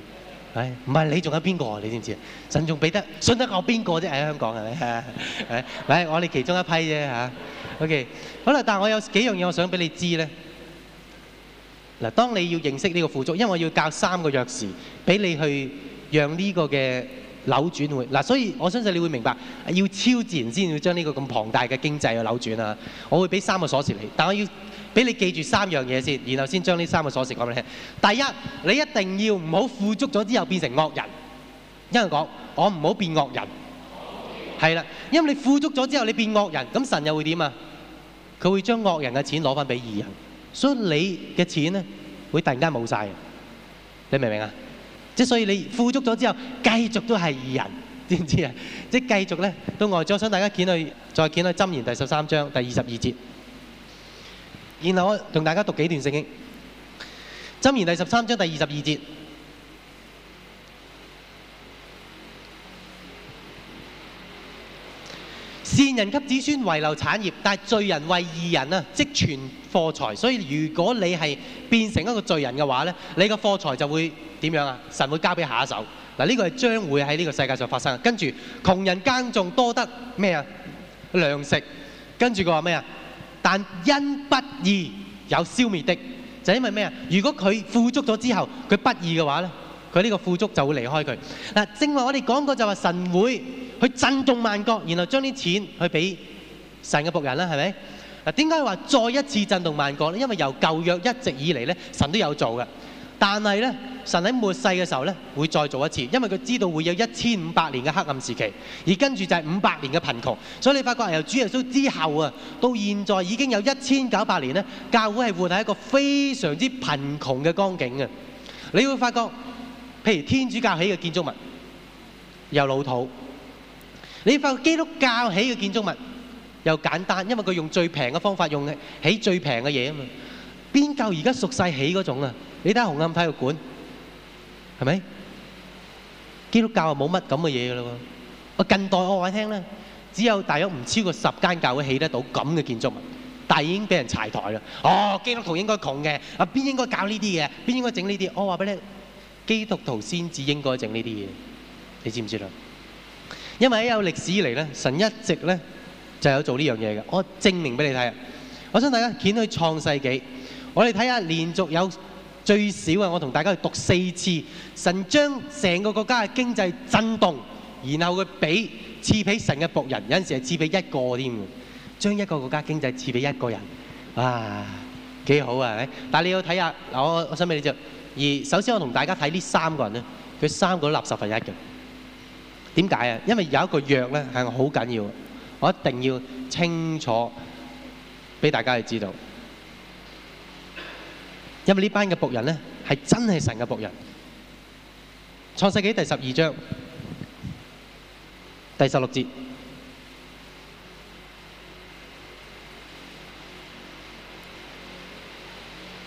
係唔係？你仲有邊個啊？你知唔知啊？神仲俾得信得我邊個啫？喺香港係咪？係咪？ [laughs] [laughs] 我哋其中一批啫嚇。 [laughs] OK，好啦，但係我有幾樣嘢我想俾你知咧。嗱，當你要認識呢個富足，因為我要教三個鑰匙俾你去讓呢個嘅扭轉會。嗱，所以我相信你會明白，要超自然先要將呢個咁龐大嘅經濟去扭轉啊！我會俾三個鎖匙你，但我要俾你記住三樣嘢先，然後先將呢三個鎖匙講俾你聽。第一，你一定要唔好富足咗之後變成惡人，因為講我唔好變惡人，係啦，因為你富足咗之後你變惡人，咁神又會點啊？佢會將惡人嘅錢攞翻俾義人。所以你嘅錢咧會突然間冇曬，你明唔明啊？即係所以你富足咗之後，繼續都係二人，知唔知啊？即係繼續咧到外再想大家見去，再見去《箴言》第十三章第二十二節。然後我同大家讀幾段聖經，《箴言》第十三章第二十二節。善人給子孫遺留產業，但罪人為義人啊積存貨財，所以如果你係變成一個罪人嘅話呢，你個貨財就會點樣啊？神會交俾下一手嗱，呢個係將會喺呢個世界上發生。跟住窮人耕種多得咩啊糧食，跟住佢話咩啊？但因不義有消滅的，就是因為咩啊？如果佢富足咗之後，佢不義嘅話呢？佢呢個富足就會離開佢嗱，正話我哋講過就話神會去震動萬國，然後將啲錢去俾神嘅僕人啦，係咪？嗱點解話再一次震動萬國呢？因為由舊約一直以嚟呢神都有做嘅，但係呢，神喺末世嘅時候呢，會再做一次，因為佢知道會有一千五百年嘅黑暗時期，而跟住就係五百年嘅貧窮，所以你發覺由主耶穌之後啊，到現在已經有一千九百年呢，教會係活喺一個非常之貧窮嘅光景啊。你會發覺。譬如天主教起嘅建築物又老土，你發覺基督教起嘅建築物又簡單，因為佢用最平嘅方法，用起最平嘅嘢啊嘛。邊教而家俗世起嗰種啊？你睇下紅磡體育館，係咪？基督教啊冇乜咁嘅嘢㗎啦喎！我近代我話你聽咧，只有大約唔超過十間教會起得到咁嘅建築物，但係已經俾人柴台啦。哦，基督徒應該窮嘅，啊邊應該搞呢啲嘢？邊應該整呢啲？我話俾你。基督徒先至應該整呢啲嘢，你知唔知道？因為喺有歷史以嚟咧，神一直咧就有做呢樣嘢嘅。我證明俾你睇啊！我想大家掀去創世紀，我哋睇下連續有最少啊，我同大家去讀四次，神將成個國家嘅經濟震動，然後佢俾賜俾神嘅僕人，有陣時係賜俾一個添嘅，將一個國家的經濟賜俾一個人，哇，幾好啊！但你要睇下嗱，我我想俾你做。而首先我同大家睇呢三個人咧，佢三個都垃圾分一嘅。點解啊？因為有一個約咧係好緊要，我一定要清楚俾大家去知道。因為呢班嘅僕人咧係真係神嘅僕人。創世紀第十二章第十六節，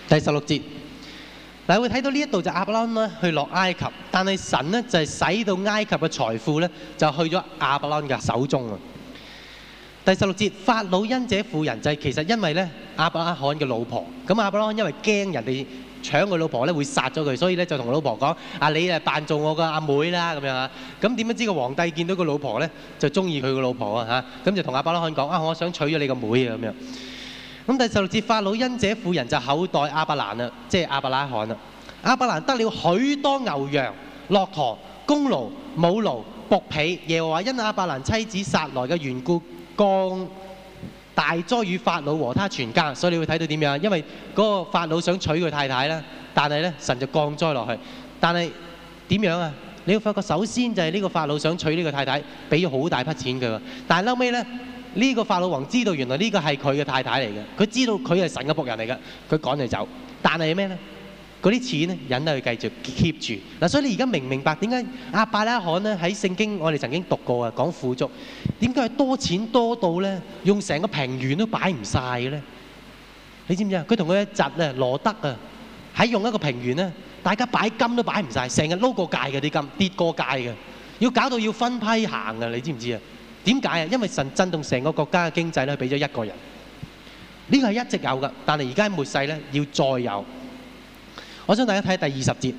第十六節。嗱，我睇到呢一度就阿伯朗咧去落埃及，但係神咧就係使到埃及嘅財富咧就去咗阿伯朗嘅手中啊！第十六節，法老恩者婦人就係其實因為咧阿伯拉罕嘅老婆，咁阿伯朗因為驚人哋搶佢老婆咧會殺咗佢，所以咧就同佢老婆講：啊，你誒扮做我嘅阿妹啦，咁樣嚇。咁點樣知個皇帝見到個老婆咧就中意佢個老婆啊嚇，咁就同阿伯拉罕講：啊，我想娶咗你個妹啊咁樣。咁第十六節，法老因這婦人就厚待亞伯蘭啦，即係亞伯拉罕啦。亞伯蘭得了許多牛羊、駱駝、公驢、母驢、僕婢。耶和華因亞伯蘭妻子撒萊嘅緣故，降大災與法老和他全家。所以你會睇到點樣？因為嗰個法老想娶佢太太啦，但係咧神就降災落去。但係點樣啊？你要發覺，首先就係呢個法老想娶呢個太太，俾咗好大筆錢佢。但係後尾咧。呢個法老王知道原來呢個係佢嘅太太嚟嘅，佢知道佢係神嘅僕人嚟嘅，佢趕你走。但係咩呢？嗰啲錢呢，忍得佢繼續 keep 住嗱、啊，所以你而家明唔明白點解阿伯拉罕咧，喺聖經我哋曾經讀過啊，講富足點解多錢多到呢？用成個平原都擺唔晒嘅呢？你知唔知啊？佢同佢一侄啊羅德啊喺用一個平原呢，大家擺金都擺唔晒，成日撈過界嘅啲金跌過界嘅，要搞到要分批行啊，你知唔知啊？點解呢？因為神震動成個國家嘅經濟咧，俾咗一個人。呢個係一直有嘅，但係而家末世呢，要再有。我想大家睇第二十節。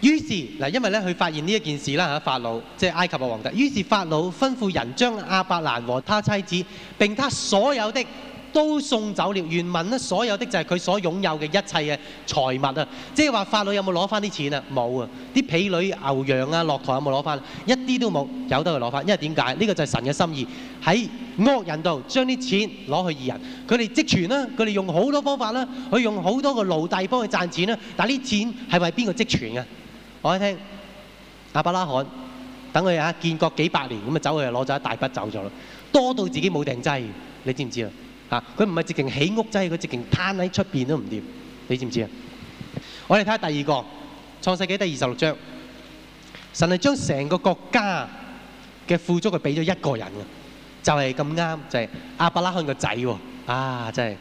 於是因為他佢發現呢件事啦，是法老即，就是，埃及嘅皇帝。於是法老吩咐人將亞伯蘭和他妻子並他所有的。都送走了，原文呢所有的就係佢所擁有嘅一切嘅財物啊！即係話法老有冇攞翻啲錢啊？冇啊！啲婢女牛羊啊、駱駝有冇攞翻？一啲都冇，有得佢攞翻。因為點解呢個就係神嘅心意，喺惡人度將啲錢攞去義人。佢哋積存啦，佢哋用好多方法啦、啊，佢用好多個奴隸幫佢賺錢啦、啊。但係啲錢係為邊個積存啊？我一聽亞伯拉罕等佢啊，建國幾百年咁啊，就走去攞咗一大筆走咗啦，多到自己冇定劑，你知唔知啊？嚇佢唔係直情起屋仔，佢直情攤喺出邊都唔掂。你知唔知啊？我哋睇下第二個創世紀第二十六章，神係將成個國家嘅富足係俾咗一個人嘅，就係咁啱就係、是、亞伯拉罕個仔喎。啊，真係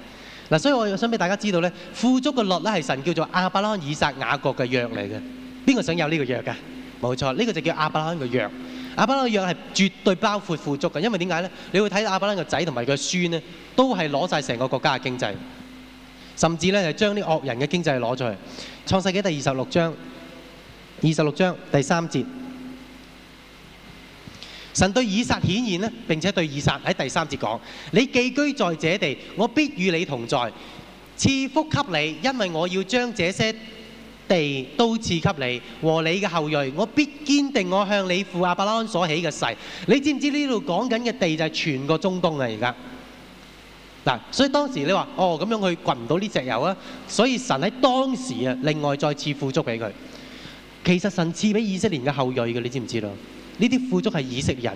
嗱，所以我想俾大家知道咧，富足嘅律咧係神叫做亞伯拉罕以撒雅各嘅約嚟嘅。邊個想有呢個約㗎？冇錯，呢、這個就叫亞伯拉罕嘅約。亞伯拉罕嘅約係絕對包括富足嘅，因為點解咧？你會睇亞伯拉罕個仔同埋佢個孫咧。都係攞晒成個國家嘅經濟，甚至咧就將啲惡人嘅經濟攞出去。創世紀第二十六章，二十六章第三節，神對以撒顯現咧，並且對以撒喺第三節講：你寄居在這地，我必與你同在，賜福給你，因為我要將這些地都賜給你和你嘅後裔。我必堅定我向你父亞伯拉罕所起嘅誓。你知唔知呢度講緊嘅地就係全個中東啊？而家。嗱、啊，所以當時你話，哦，咁樣佢掘唔到呢隻油啊，所以神喺當時啊，另外再次富足俾佢。其實神賜俾以色列嘅後裔嘅，你知唔知道？呢啲富足係以色列人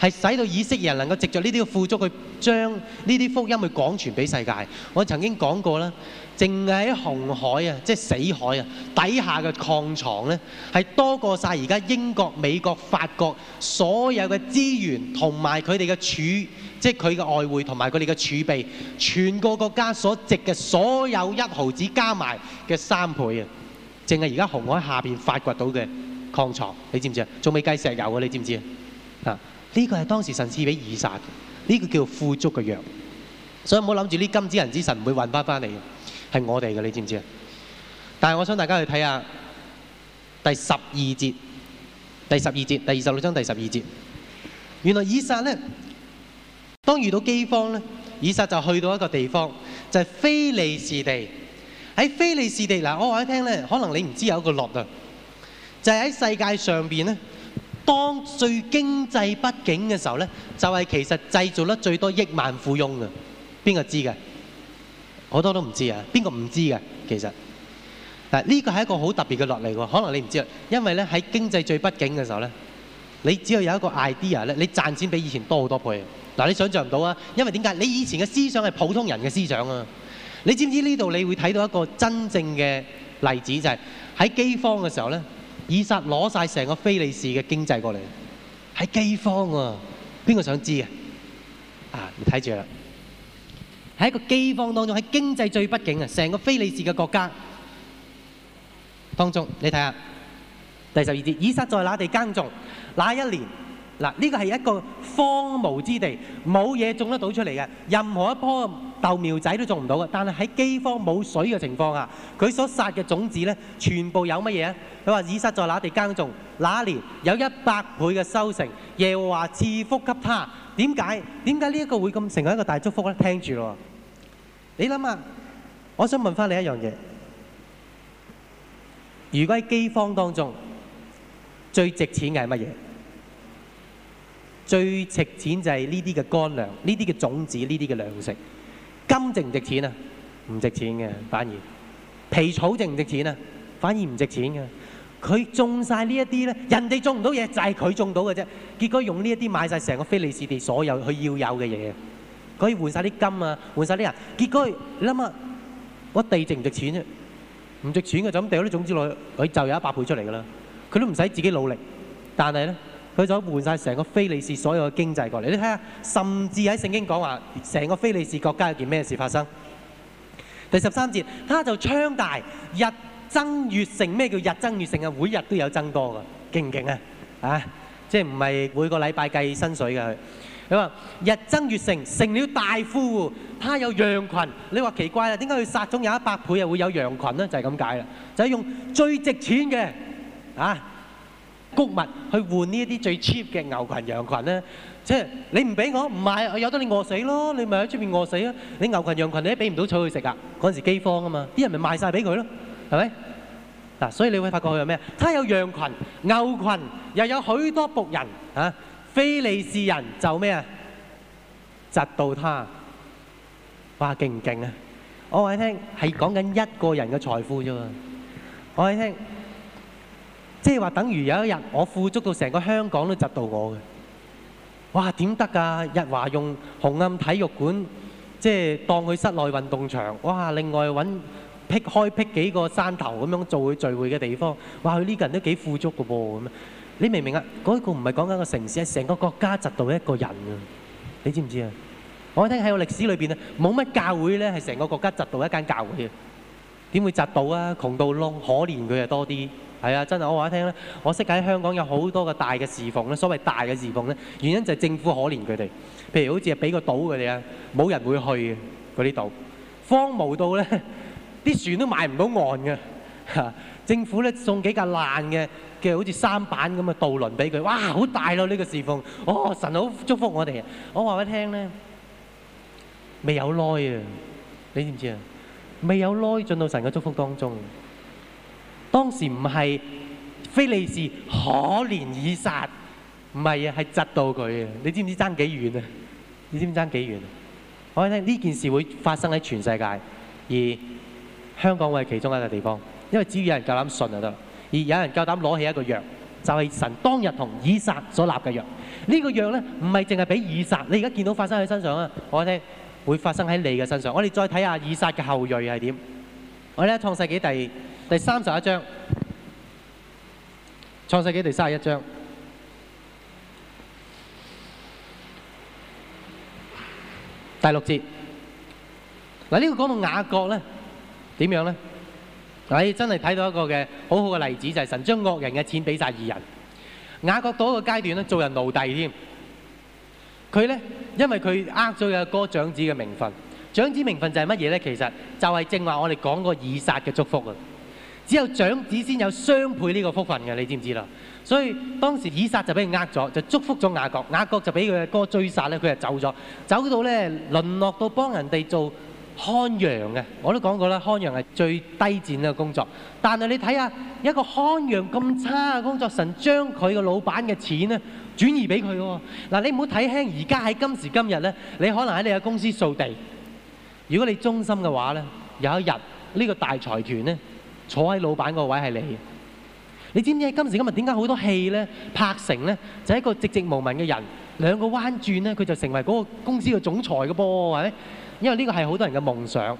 嘅，係使到以色列人能夠藉着呢啲嘅富足去將呢啲福音去廣傳俾世界。我曾經講過啦，淨係喺紅海啊，即係死海啊，底下嘅礦床咧，係多過晒而家英國、美國、法國所有嘅資源同埋佢哋嘅儲。即係佢嘅外匯同埋佢哋嘅儲備，全個國家所值嘅所有一毫子加埋嘅三倍啊！淨係而家紅海下邊發掘到嘅礦藏，你知唔知啊？仲未計石油啊！你知唔知啊？啊！呢個係當時神賜俾以撒，呢個叫富足嘅藥。所以唔好諗住呢金子人之神唔會揾翻翻嚟嘅，係我哋嘅，你知唔知啊？但係我想大家去睇下第十二節，第十二節，第二十六章第十二節，原來以撒咧。當遇到饑荒咧，以撒就去到一個地方，就係、是、非利士地。喺非利士地嗱，我話你聽咧，可能你唔知有一個落啊，就係、是、喺世界上邊咧，當最經濟不景嘅時候咧，就係、是、其實製造得最多億萬富翁啊，邊個知嘅？好多都唔知啊，邊個唔知嘅？其實嗱，呢個係一個好特別嘅落嚟喎，可能你唔知，因為咧喺經濟最不景嘅時候咧。你只要有一個 idea 咧，你賺錢比以前多好多倍。嗱，你想象唔到啊！因為點解？你以前嘅思想係普通人嘅思想啊！你知唔知呢度你會睇到一個真正嘅例子就係喺饑荒嘅時候咧，以撒攞晒成個非利士嘅經濟過嚟，喺饑荒啊！邊個想知啊？啊，你睇住啦，喺一個饑荒當中，喺經濟最不景啊，成個非利士嘅國家當中，你睇下。第十二節，以撒在那地耕種，那一年，嗱呢個係一個荒蕪之地，冇嘢種得到出嚟嘅，任何一樖豆苗仔都種唔到嘅。但係喺饑荒冇水嘅情況下，佢所撒嘅種子咧，全部有乜嘢？佢話以撒在那地耕種，那一年有一百倍嘅收成，耶和華賜福給他。點解？點解呢一個會咁成為一個大祝福咧？聽住咯，你諗下，我想問翻你一樣嘢，如果喺饑荒當中。最值錢嘅係乜嘢？最值錢就係呢啲嘅乾糧、呢啲嘅種子、呢啲嘅糧食。金值唔值錢啊？唔值錢嘅，反而皮草值唔值錢啊？反而唔值錢嘅。佢種晒呢一啲咧，人哋種唔到嘢，就係、是、佢種到嘅啫。結果用呢一啲買晒成個非利士地所有佢要有嘅嘢，可以換晒啲金啊，換晒啲人。結果你諗啊，我地值唔值錢啫？唔值錢嘅就咁，掉啲種子落去，佢就有一百倍出嚟噶啦。佢都唔使自己努力，但係呢，佢就換晒成個非利士所有嘅經濟過嚟。你睇下，甚至喺聖經講話，成個非利士國家有件咩事發生？第十三節，他就昌大日增月盛，咩叫日增月盛？啊？每日都有增多噶，勁唔勁啊？啊，即係唔係每個禮拜計薪水嘅佢？佢話日增月盛，成了大富戶他有羊群，你話奇怪啦？點解佢撒種有一百倍啊？會有羊群呢？就係咁解啦，就係、是、用最值錢嘅。嚇穀物去換呢一啲最 cheap 嘅牛羣羊羣咧，即係你唔俾我唔買，我由得你餓死咯，你咪喺出邊餓死咯。你牛羣羊羣你都俾唔到草佢食啊！嗰陣時饑荒啊嘛，啲人咪賣曬俾佢咯，係咪？嗱，所以你會發覺佢有咩啊？他有羊羣、牛羣，又有許多僕人嚇，非利士人就咩啊？窒到他，哇勁唔勁啊！我話你聽係講緊一個人嘅財富啫嘛，我話你聽。即係話，等於有一日我富足到成個香港都窒到我嘅。哇！點得㗎？日華用紅磡體育館，即係當佢室內運動場。哇！另外揾劈開劈幾個山頭咁樣做佢聚會嘅地方。哇！佢呢個人都幾富足嘅噃，咁你明唔明啊？嗰、嗰個唔係講緊個城市，係成個國家窒到一個人啊！你知唔知啊？我聽喺個歷史裏邊啊，冇乜教會咧係成個國家窒到一間教會嘅。點會窒到啊？窮到窿，可憐佢啊多啲。係啊，真係我話你聽咧，我，我識喺香港有好多個大嘅侍奉咧。所謂大嘅侍奉咧，原因就係政府可憐佢哋。譬如好似係俾個島佢哋啊，冇人會去啊。嗰啲島，荒蕪到咧，啲船都埋唔到岸嘅。嚇，政府咧送幾架爛嘅嘅好似舢板咁嘅渡輪俾佢。哇，好大咯呢個侍奉！哦，神好祝福我哋啊！我話俾你聽咧，未有耐啊，你知唔知啊？未有耐進到神嘅祝福當中。當時唔係非利士可憐以撒，唔係啊，係窒到佢啊！你知唔知爭幾遠啊？你知唔知爭幾遠啊？我哋聽呢件事會發生喺全世界，而香港會係其中一個地方，因為只要有人夠膽信就得，而有人夠膽攞起一個約，就係、是、神當日同以撒所立嘅約。呢、這個約呢，唔係淨係俾以撒，你而家見到發生喺身上啊！我哋聽會發生喺你嘅身上。我哋再睇下以撒嘅後裔係點。我哋喺創世紀第二。第三十一章，《創世紀》第三十一章第六節。嗱，呢個講到雅各咧，點樣咧？嗱，真係睇到一個嘅好好嘅例子，就係神將惡人嘅錢俾曬義人。雅各到一個階段咧，做人奴弟奴隸添。佢咧，因為佢呃咗佢阿哥長子嘅名分，長子名分就係乜嘢咧？其實就係正話我哋講過以撒嘅祝福啊！只有長子先有雙倍呢個福分嘅，你知唔知啦？所以當時以撒就俾佢呃咗，就祝福咗雅各。雅各就俾佢嘅哥追殺咧，佢就走咗，走到咧淪落到幫人哋做看羊嘅。我都講過啦，看羊係最低賤嘅工作。但係你睇下一個看羊咁差嘅工作，神將佢嘅老闆嘅錢咧轉移俾佢喎。嗱、啊，你唔好睇輕而家喺今時今日咧，你可能喺你嘅公司掃地，如果你忠心嘅話咧，有一日呢、呢個大財團咧～坐喺老闆個位係你，你知唔知？今時今日點解好多戲呢？拍成呢，就係一個寂寂無聞嘅人，兩個彎轉呢，佢就成為嗰個公司嘅總裁嘅噃，係咪？因為呢個係好多人嘅夢想，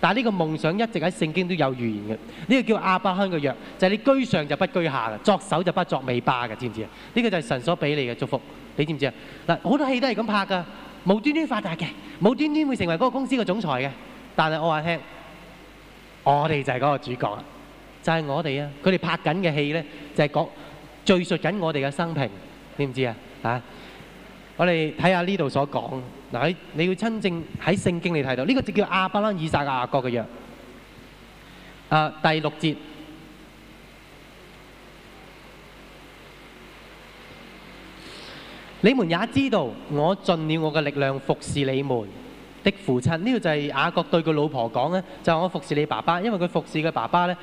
但係呢個夢想一直喺聖經都有預言嘅，呢個叫亞伯香嘅約，就係你居上就不居下嘅，作首就不作尾霸嘅，知唔知啊？呢個就係神所俾你嘅祝福，你知唔知啊？嗱，好多戲都係咁拍噶，無端端發達嘅，無端端會成為嗰個公司嘅總裁嘅，但係我話聽。我哋就係嗰個主角啦，就係我哋啊！佢哋拍緊嘅戲咧，就係講敘述緊我哋嘅生平，你唔知啊？吓，我哋睇下呢度所講嗱，喺你要真正喺聖經你睇到呢個就叫亞伯拉罕以撒雅各嘅約，啊第六節，你們也知道我盡了我嘅力量服侍你們。的父親呢個就係雅各對佢老婆講咧，就係我服侍你爸爸，因為佢服侍佢爸爸咧，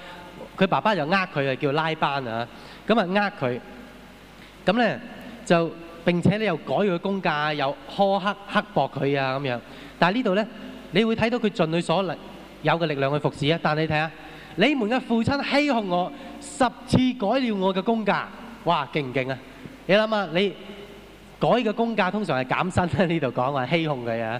佢爸爸又呃佢，又叫拉班啊，咁啊呃佢，咁咧就並且你又改佢工價，又苛刻刻薄佢啊咁樣。但係呢度咧，你會睇到佢盡佢所能有嘅力量去服侍啊。但係你睇下，你們嘅父親欺哄我，十次改了我嘅工價，哇勁唔勁啊！你諗下，你改嘅工價通常係減薪啦，呢度講話欺哄佢啊。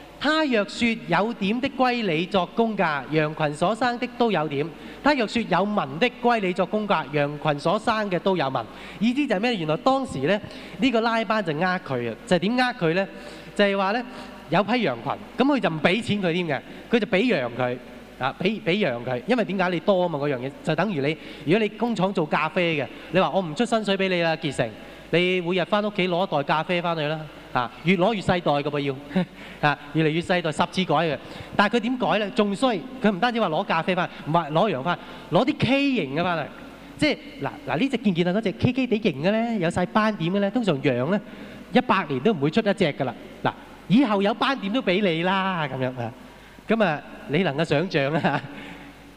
他若說有點的歸你作工價，羊群所生的都有點；他若說有文的歸你作工價，羊群所生嘅都有文。意思就係咩？原來當時咧，呢、呢個拉班就呃佢啊，就係點呃佢呢？就係、係、話呢，有批羊群，咁佢就唔俾錢佢添嘅，佢就俾羊佢啊，俾俾羊佢。因為點解你多啊嘛？嗰樣嘢就等於你，如果你工廠做咖啡嘅，你話我唔出薪水俾你啦，傑成，你每日翻屋企攞一袋咖啡翻去啦。啊，越攞越細袋嘅噃，要，啊，越嚟越細袋，十次改嘅。但係佢點改咧？仲衰，佢唔單止話攞咖啡翻，唔係攞羊翻，攞啲 K 型嘅翻嚟。即係嗱嗱呢隻見見啊，嗰隻 K K 啲型嘅咧，有曬斑點嘅咧，通常羊咧一百年都唔會出一隻㗎啦。嗱，以後有斑點都俾你啦，咁樣啊。咁啊，你能夠想象啊，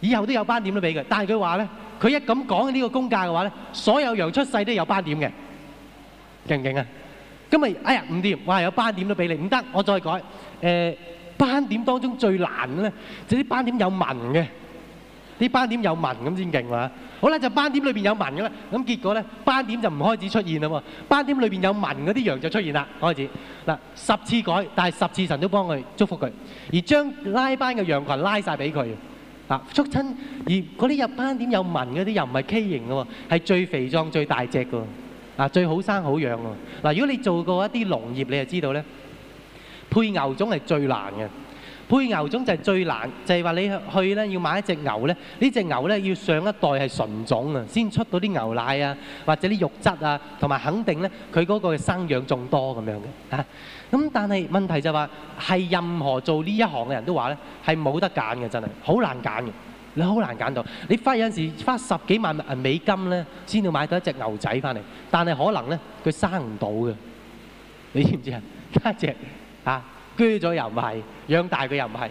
以後都有斑點都俾佢。但係佢話咧，佢一咁講呢個工價嘅話咧，所有羊出世都有斑點嘅，勁唔勁啊？咁咪哎呀唔掂，哇有斑點都俾你，唔得，我再改。誒斑點當中最難嘅咧，就啲斑點有紋嘅，啲斑點有紋咁先勁㗎嚇。好啦，就斑點裏邊有紋㗎啦。咁結果咧，斑點就唔開始出現啦喎。斑點裏邊有紋嗰啲羊就出現啦，開始嗱十次改，但係十次神都幫佢祝福佢，而將拉班嘅羊羣拉曬俾佢啊，祝親而嗰啲有斑點有紋嗰啲又唔係畸形㗎喎，係最肥壯最大隻㗎。嗱，最好生好養喎，嗱，如果你做過一啲農業，你就知道咧，配牛種係最難嘅。配牛種就係最難，就係話你去咧要買一隻牛咧，呢隻牛咧要上一代係純種啊，先出到啲牛奶啊，或者啲肉質啊，同埋肯定咧佢嗰個生養眾多咁樣嘅嚇。咁但係問題就話係任何做呢一行嘅人都話咧，係冇得揀嘅，真係好難揀嘅。你好難揀到，你花有陣時花十幾萬美金咧，先到買到一隻牛仔翻嚟，但係可能咧佢生唔到嘅，你知唔知啊？一隻啊，鋸咗又唔係，養大佢又唔係，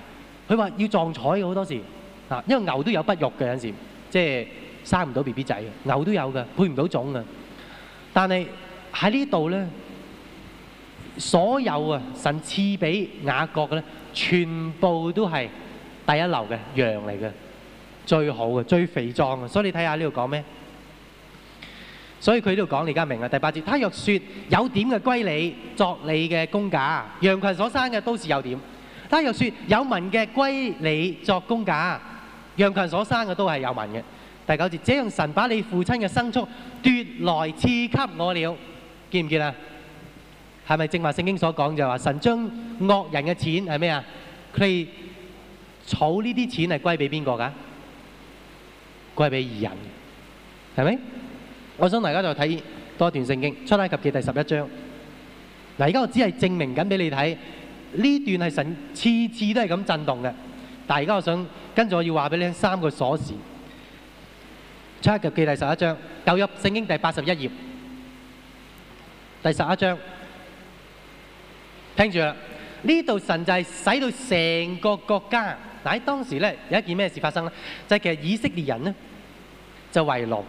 佢話要撞彩好多時啊，因為牛都有不育嘅有陣時，即係生唔到 B B 仔，牛都有嘅，配唔到種嘅。但係喺呢度咧，所有啊神賜俾雅各嘅咧，全部都係第一流嘅羊嚟嘅。最好嘅，最肥壯嘅，所以你睇下呢度講咩？所以佢呢度講你而家明啦。第八節，他若說有點嘅歸你作你嘅工價，羊群所生嘅都是有點。他若說有文嘅歸你作工價，羊群所生嘅都係有文嘅。第九節，這樣神把你父親嘅牲畜奪來賜給我了，見唔見啊？係咪正話聖經所講就係話神將惡人嘅錢係咩啊？佢哋儲呢啲錢係歸俾邊個㗎？歸俾二人，係咪？我想大家就睇多段聖經《出埃及記》第十一章。嗱，而家我只係證明緊俾你睇呢段係神次次都係咁震動嘅。但係而家我想跟住我要話俾你聽三個鎖匙，《出埃及記》第十一章，就入聖經第八十一頁，第十一章。聽住啦，呢度神就係使到成個國家。但喺當時咧有一件咩事發生咧？就係其實以色列人咧就為奴，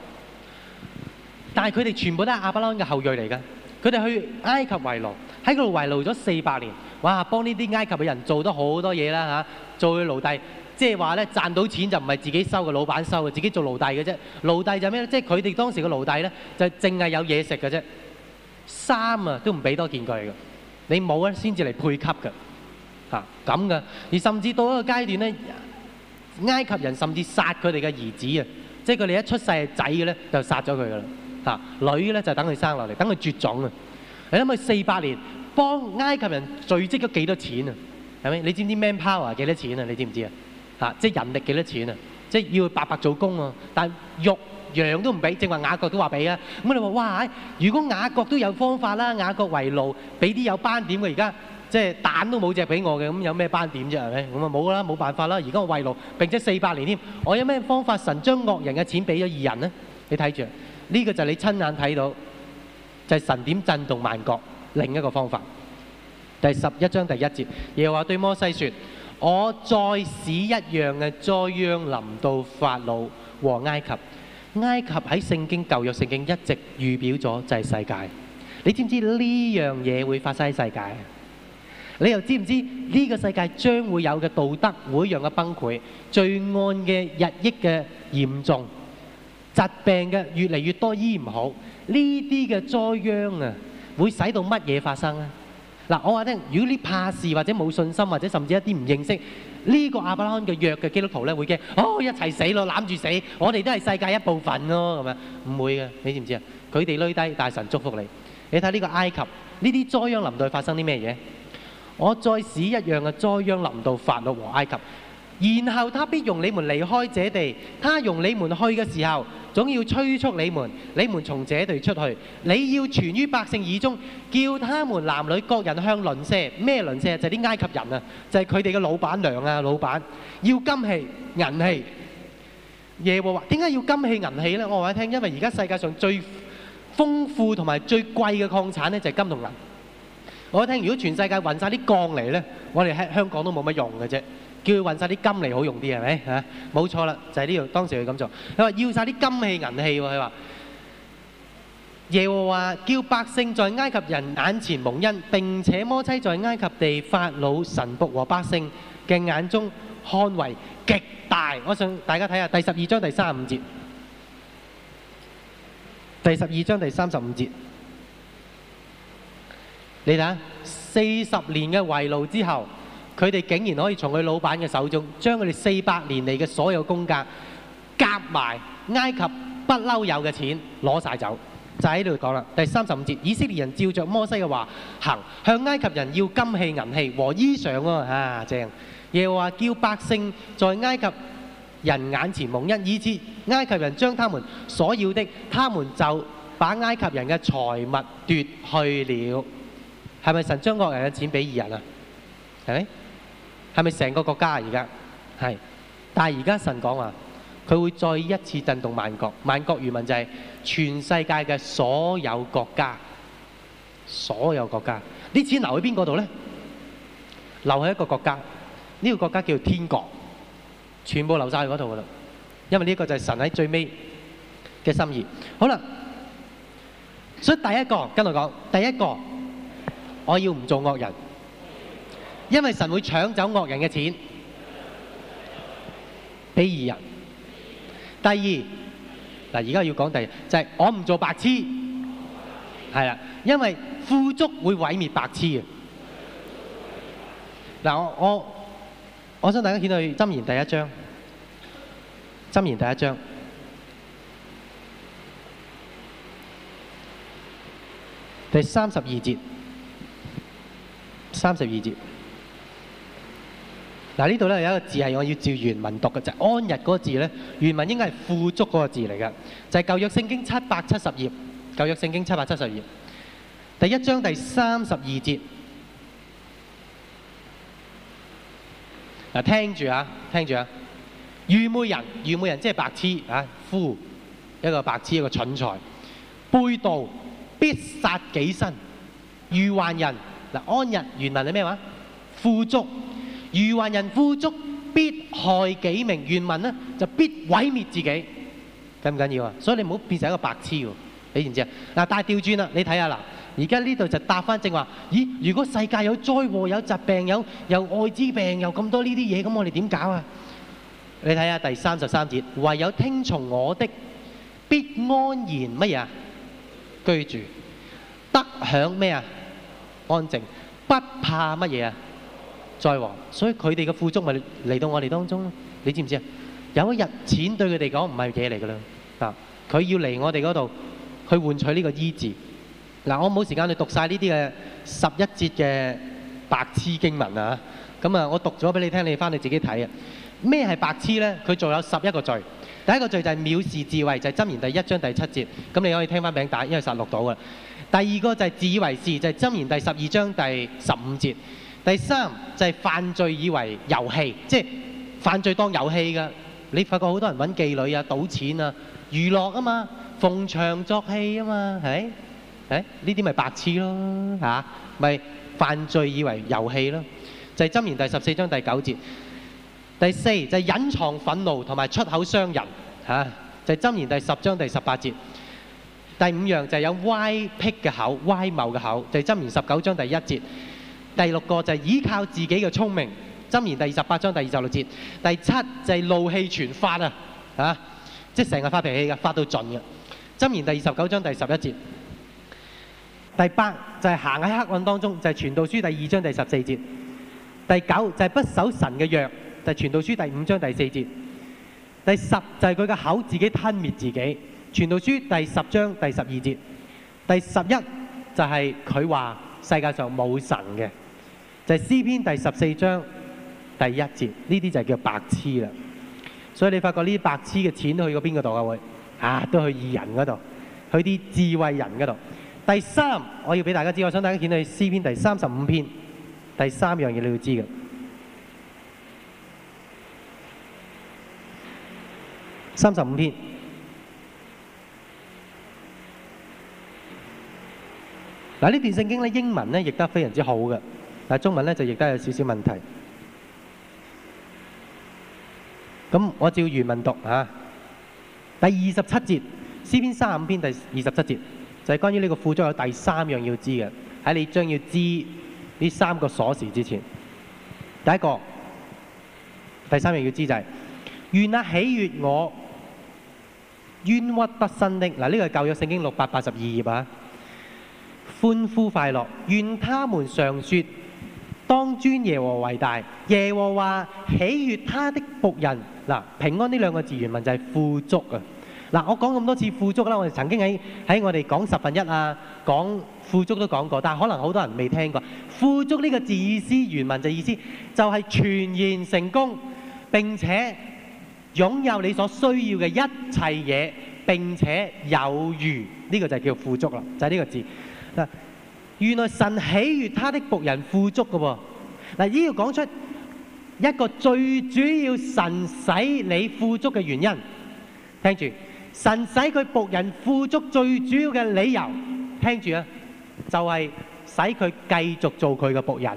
但係佢哋全部都係亞伯拉罕嘅後裔嚟噶。佢哋去埃及為奴，喺嗰度為奴咗四百年。哇！幫呢啲埃及嘅人做咗好多嘢啦嚇，做奴隸，即係話咧賺到錢就唔係自己收嘅，老闆收嘅，自己做奴隸嘅啫。奴隸就咩咧？即係佢哋當時嘅奴隸咧，就淨係有嘢食嘅啫，衫啊都唔俾多件佢㗎，你冇啊先至嚟配給㗎。嚇咁噶，而甚至到一個階段咧，埃及人甚至殺佢哋嘅兒子啊，即係佢哋一出世係仔嘅咧，就殺咗佢噶啦。嚇女咧就等佢生落嚟，等佢絕種啊！你諗佢四百年幫埃及人聚積咗幾多錢啊？係咪？你知唔知 man power 幾多錢啊？你知唔知啊？嚇！即係人力幾多錢啊？即係要白白做工啊。但係肉羊都唔俾，正話雅各都話俾啊。咁你話哇如果雅各都有方法啦，雅各為奴，俾啲有斑點嘅而家。即係蛋都冇隻俾我嘅，咁有咩斑點啫？係咪咁啊？冇啦，冇辦法啦。而家我為奴並且四百年添，我有咩方法？神將惡人嘅錢俾咗二人呢？你睇住呢個就係你親眼睇到，就係、是、神點震動萬國另一個方法。第十一章第一節，耶和華對摩西説：我再使一樣嘅災殃臨到法老和埃及。埃及喺聖經舊約聖經一直預表咗就係世界。你知唔知呢樣嘢會發生喺世界？你又知唔知呢個世界將會有嘅道德會讓嘅崩潰，罪案嘅日益嘅嚴重，疾病嘅越嚟越多，醫唔好呢啲嘅災殃啊，會使到乜嘢發生啊？嗱，我話聽，如果你怕事或者冇信心或者甚至一啲唔認識呢個阿伯拉罕嘅約嘅基督徒咧，會驚哦，一齊死咯，攬住死，我哋都係世界一部分咯，係咪？唔會嘅，你知唔知啊？佢哋攣低，但係神祝福你。你睇呢個埃及呢啲災殃臨到，發生啲咩嘢？我再使一樣嘅災殃臨到法老和埃及，然後他必容你們離開這地。他容你們去嘅時候，總要催促你們，你們從這地出去。你要傳於百姓耳中，叫他們男女各人向鄰舍。咩鄰舍？就啲埃及人啊，就係佢哋嘅老闆娘啊，老闆要金器銀器。耶和華點解要金器銀器呢？我話你聽，因為而家世界上最豐富同埋最貴嘅礦產呢，就係金同銀。我聽，如果全世界運曬啲鋼嚟咧，我哋喺香港都冇乜用嘅啫。叫佢運曬啲金嚟好用啲，係咪啊？冇錯啦，就係呢度。當時佢咁做。佢話要曬啲金器銀器喎。佢話耶和華叫百姓在埃及人眼前蒙恩，並且摩西在埃及地法老神僕和百姓嘅眼中看為極大。我想大家睇下第十二章第三十五節。第十二章第三十五節。你睇下四十年嘅圍路之後，佢哋竟然可以從佢老闆嘅手中將佢哋四百年嚟嘅所有功德夾埋埃及不嬲有嘅錢攞晒走，就喺度講啦。第三十五節，以色列人照着摩西嘅話行，向埃及人要金器銀器和衣裳啊，啊正又話叫百姓在埃及人眼前蒙恩，以致埃及人將他們所要的，他們就把埃及人嘅財物奪去了。係咪神將國人嘅錢俾二人啊？係咪？係咪成個國家啊？而家係，但係而家神講話，佢會再一次震動萬國，萬國愚民就係全世界嘅所有國家，所有國家，啲錢留喺邊個度咧？留喺一個國家，呢個國家叫天國，全部留晒喺嗰度噶啦，因為呢一個就係神喺最尾嘅心意。好啦，所以第一個跟我講，第一個。我要唔做惡人，因為神會搶走惡人嘅錢，俾義人。第二，嗱，而家要講第二，就係我唔做白痴，係啦，因為富足會毀滅白痴嘅。嗱，我我想大家睇到《箴言》第一章，《箴言》第一章第三十二節。三十二節，嗱、啊、呢度咧有一個字係我要照原文讀嘅，就係、是、安日嗰個字咧。原文應該係富足嗰個字嚟嘅，就係、是、舊約聖經七百七十頁。舊約聖經七百七十頁，第一章第三十二節。嗱，聽住啊，聽住啊，啊，愚昧人，愚昧人即係白痴啊，富一個白痴一個蠢材，背道必殺己身，愚頑人，嗱，安逸原文係咩話？富足如萬人富足，足必害己名。原文呢，就必毀滅自己，緊唔緊要啊？所以你唔好變成一個白痴喎、啊，你知唔知啊？嗱，但係調轉啦，你睇下嗱，而家呢度就答翻正話，咦？如果世界有災禍、有疾病、有有艾滋病、有咁多呢啲嘢，咁我哋點搞啊？你睇下第三十三節，唯有聽從我的，必安然乜嘢？居住得享咩啊？安靜，不怕乜嘢啊，在王，所以佢哋嘅富足咪嚟到我哋當中咯，你知唔知啊？有一日錢對佢哋講唔係嘢嚟噶啦，嗱，佢、啊、要嚟我哋嗰度去換取呢個醫治。嗱、啊，我冇時間去讀晒呢啲嘅十一節嘅白痴經文啊，咁啊，我讀咗俾你聽，你翻你自己睇啊。咩係白痴呢？佢仲有十一個罪，第一個罪就係藐視智慧，就係、是、箴言第一章第七節，咁你可以聽翻名打，因為實錄到嘅第二個就係自以為是，就係、是、箴言第十二章第十五節。第三就係、是、犯罪以為遊戲，即係犯罪當遊戲㗎。你發覺好多人揾妓女啊、賭錢啊、娛樂啊嘛，逢場作戲啊嘛，係？呢啲咪白痴咯嚇，咪、啊就是、犯罪以為遊戲咯。就係、是、箴言第十四章第九節。第四就係、是、隱藏憤怒同埋出口傷人、啊、就係、是、箴言第十章第十八節。第五樣就係有歪僻嘅口、歪謀嘅口，就係、是、箴言十九章第一節。第六個就係倚靠自己嘅聰明，箴言第二十八章第二十六節。第七就係怒氣全發啊，吓！即係成日發脾氣嘅，發到盡嘅。箴言第二十九章第十一節。第八就係行喺黑暗當中，就係、是、傳道書第二章第十四節。第九就係不守神嘅約，就係、是、傳道書第五章第四節。第十就係佢嘅口自己吞滅自己。傳道書第十章第十二節，第十一就係佢話世界上冇神嘅，就係、是、詩篇第十四章第一節，呢啲就係叫白痴啦。所以你發覺呢啲白痴嘅錢去咗邊個度啊？會啊，都去義人嗰度，去啲智慧人嗰度。第三，我要俾大家知，我想大家睇到詩篇第三十五篇，第三樣嘢你要知嘅。三十五篇。嗱，呢段聖經英文呢亦都非常之好嘅，但中文呢就亦都有少少問題。咁我照原文讀，啊、第二十七節詩篇三五篇第二十七節就係、是、關於呢個富足有第三樣要知嘅，喺你將要知呢三個鎖匙之前，第一個、第三樣要知就係、是、願啊喜悅我冤屈得伸的嗱，呢、啊這個係舊約聖經六百八,八十二頁。歡呼快樂，願他們常說：當尊耶和華為大。耶和華喜悅他的僕人。嗱，平安呢兩個字原文就係富足啊嗱。我講咁多次富足啦，我哋曾經喺喺我哋講十分一啊，講富足都講過，但係可能好多人未聽過富足呢個字意思。原文就是意思就係全然成功，並且擁有你所需要嘅一切嘢，並且有餘呢個就叫富足啦，就係呢個字。原來神喜悦他的僕人富足嘅喎、啊。嗱，依家要講出一個最主要神使你富足嘅原因。聽住，神使佢僕人富足最主要嘅理由，聽住啊，就係、是、使佢繼續做佢嘅僕人，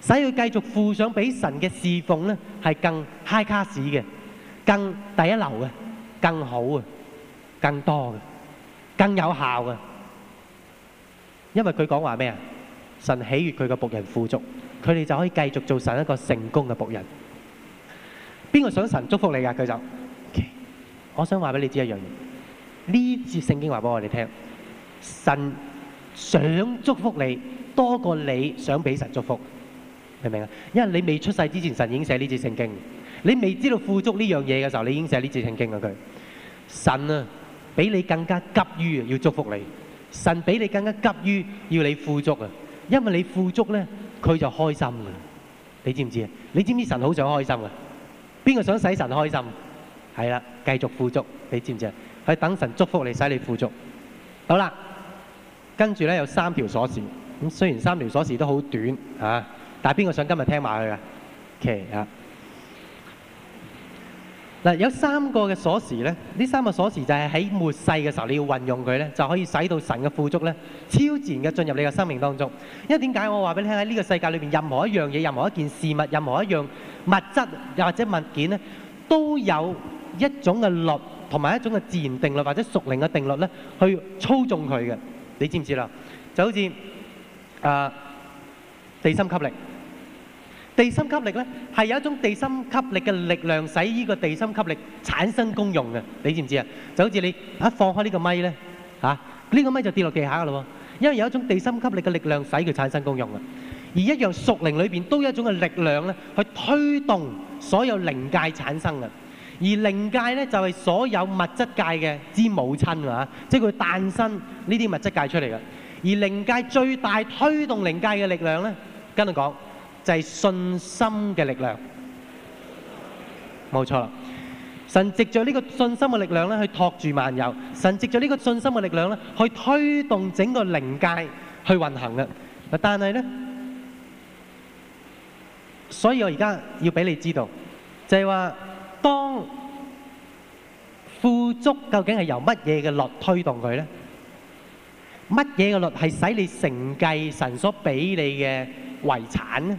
使佢繼續付上比神嘅侍奉，呢係更 high 卡士嘅，更第一流嘅，更好嘅，更多嘅，更有效嘅。因為佢講話咩啊？神喜悦佢個僕人富足，佢哋就可以繼續做神一個成功嘅僕人。邊個想神祝福你啊？佢就，okay. 我想話俾你知一樣嘢，呢節聖經話俾我哋聽，神想祝福你多過你想俾神祝福，明唔明啊？因為你未出世之前，神已經寫呢節聖經。你未知道富足呢樣嘢嘅時候，你已經寫呢節聖經啦。佢，神啊，比你更加急於要祝福你。神比你更加急於要你富足啊，因為你富足呢，佢就開心啦。你知唔知啊？你知唔知神好想開心啊？邊個想使神開心？係啦，繼續富足。你知唔知啊？去等神祝福你，使你富足。好啦，跟住呢有三條鎖匙。咁雖然三條鎖匙都好短，啊，但係邊個想今日聽埋佢啊？OK 啊！嗱，有三個嘅鎖匙咧，呢三個鎖匙就係喺末世嘅時候，你要運用佢咧，就可以使到神嘅富足咧，超自然嘅進入你嘅生命當中。因為點解我話俾你聽喺呢個世界裏邊，任何一樣嘢、任何一件事物、任何一樣物質又或者物件咧，都有一種嘅律同埋一種嘅自然定律或者屬靈嘅定律咧，去操縱佢嘅。你知唔知啦？就好似啊，地心吸力。地心吸力呢，係有一種地心吸力嘅力量，使呢個地心吸力產生功用嘅。你知唔知啊？就好似你一放開呢個咪呢，嚇、啊、呢、呢個咪就跌落地下噶咯。因為有一種地心吸力嘅力量，使佢產生功用嘅。而一樣屬靈裏邊都有一種嘅力量呢，去推動所有靈界產生嘅。而靈界呢，就係、是、所有物質界嘅之母親啊，即係佢誕生呢啲物質界出嚟嘅。而靈界最大推動靈界嘅力量呢，跟佢講。就係信心嘅力量，冇錯啦。神藉著呢個信心嘅力量咧，去托住萬有；神藉著呢個信心嘅力量咧，去推動整個靈界去運行嘅。但係咧，所以我而家要俾你知道，就係話當富足究竟係由乜嘢嘅律推動佢咧？乜嘢嘅律係使你承繼神所俾你嘅遺產咧？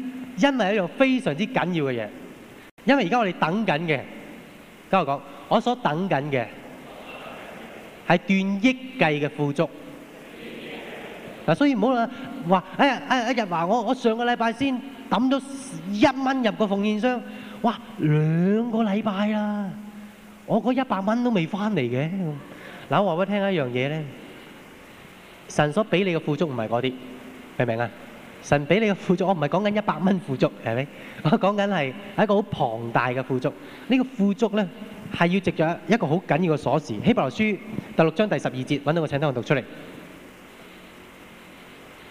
因為一樣非常之緊要嘅嘢，因為而家我哋等緊嘅，咁我講，我所等緊嘅係斷億計嘅富足。嗱，所以唔好話哎呀哎呀，阿日華，我我上個禮拜先抌咗一蚊入個奉獻箱，哇，兩個禮拜啦，我嗰一百蚊都未翻嚟嘅。嗱，我話俾你聽一樣嘢咧，神所俾你嘅富足唔係嗰啲，明唔明啊？神俾你嘅富足，我唔係講緊一百蚊富足，係咪？我講緊係一個好龐大嘅富足。這個、呢個富足咧係要藉咗一個好緊要嘅鎖匙。希伯來書第六章第十二節揾到個請單，我讀出嚟，